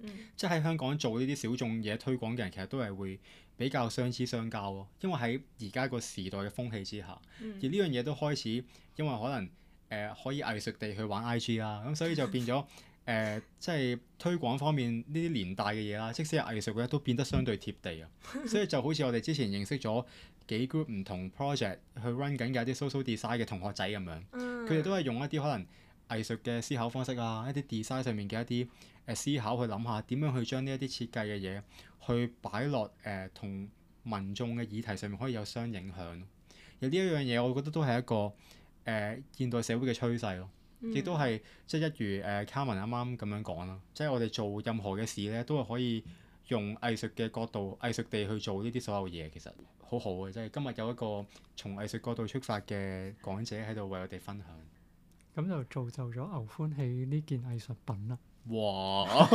嗯、即係喺香港做呢啲小眾嘢推廣嘅人，其實都係會比較相知相交咯，因為喺而家個時代嘅風氣之下，嗯、而呢樣嘢都開始因為可能誒、呃、可以藝術地去玩 IG 啊，咁所以就變咗。 誒、呃，即係推廣方面呢啲年代嘅嘢啦，即使係藝術嘅，都變得相對貼地啊。 所以就好似我哋之前認識咗幾 group 唔同 project 去 run 緊嘅一啲 social design 嘅同學仔咁樣，佢哋 都係用一啲可能藝術嘅思考方式啊，一啲 design 上面嘅一啲誒、呃、思考去諗下點樣去將呢一啲設計嘅嘢去擺落誒同民眾嘅議題上面可以有相影響。而呢一樣嘢，我覺得都係一個誒、呃、現代社會嘅趨勢咯。亦都係即係一如誒 Carmen 啱啱咁樣講啦，即係我哋做任何嘅事咧，都係可以用藝術嘅角度、藝術地去做呢啲所有嘢。其實好好嘅，即係今日有一個從藝術角度出發嘅講者喺度、嗯、為我哋分享。咁就造就咗牛歡喜呢件藝術品啦！哇！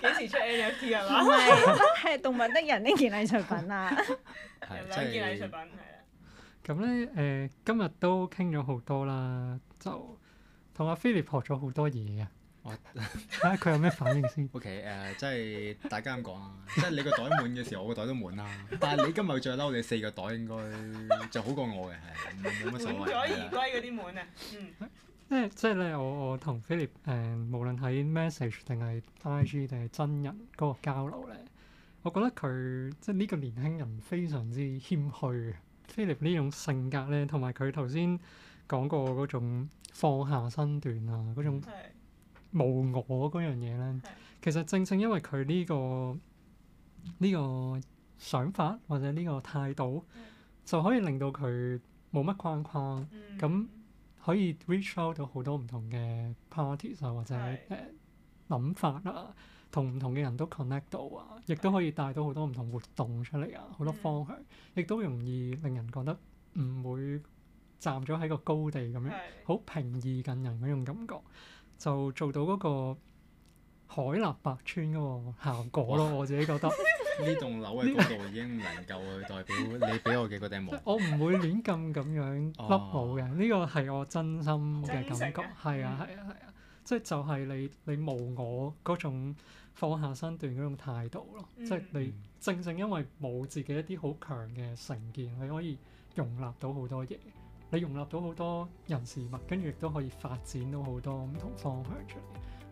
幾時出 NFT 啊？唔係， 係動物的人呢件藝術品啦，兩件藝術品。咁咧，誒、呃、今日都傾咗好多啦，就同阿 Philip 學咗好多嘢啊！我睇下佢有咩反應先。O K，誒，即係大家咁講啊。 即係你個袋滿嘅時候，我個袋都滿啦。 但係你今日著褸你四個袋應該就好過我嘅，係冇乜所謂， 滿載而歸嗰啲滿啊！嗯，即係即係咧，我我同 Philip 誒、呃，無論喺 message 定係 I G 定係真人嗰個交流咧，我覺得佢即係呢個年輕人非常之謙虛。Philip 呢種性格咧，同埋佢頭先講過嗰種放下身段啊，嗰種無我嗰樣嘢咧，的其實正正因為佢呢、呢個呢、呢個想法或者呢個態度，嗯、就可以令到佢冇乜框框，咁、嗯、可以 reach out 到好多唔同嘅 parties 啊，或者誒諗的、呃、法啊。同唔同嘅人都 connect 到啊，亦都可以帶到好多唔同活動出嚟啊，好多方向，亦都、嗯、容易令人覺得唔會站咗喺個高地咁樣好、嗯、平易近人嗰種感覺，就做到嗰個海納百川個效果咯、啊。哇我自己覺得呢棟 樓嘅高度已經能夠去代表你俾我嘅嗰頂帽。我唔會亂咁咁樣笠帽嘅，呢個係我真心嘅感覺，係啊係啊係啊，即係就係你你無我嗰種。放下身段嗰種態度咯，即係你正正因為冇自己一啲好強嘅成見，你可以容納到好多嘢，你容納到好多人事物，跟住亦都可以發展到好多唔同方向出嚟。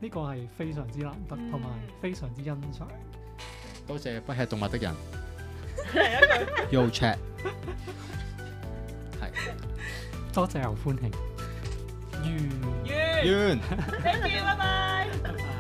呢個係非常之難得，同埋非常之欣賞。多謝不吃動物的人。又 chat。係。多謝牛歡喜。Yun。Yun。Thank you，bye bye。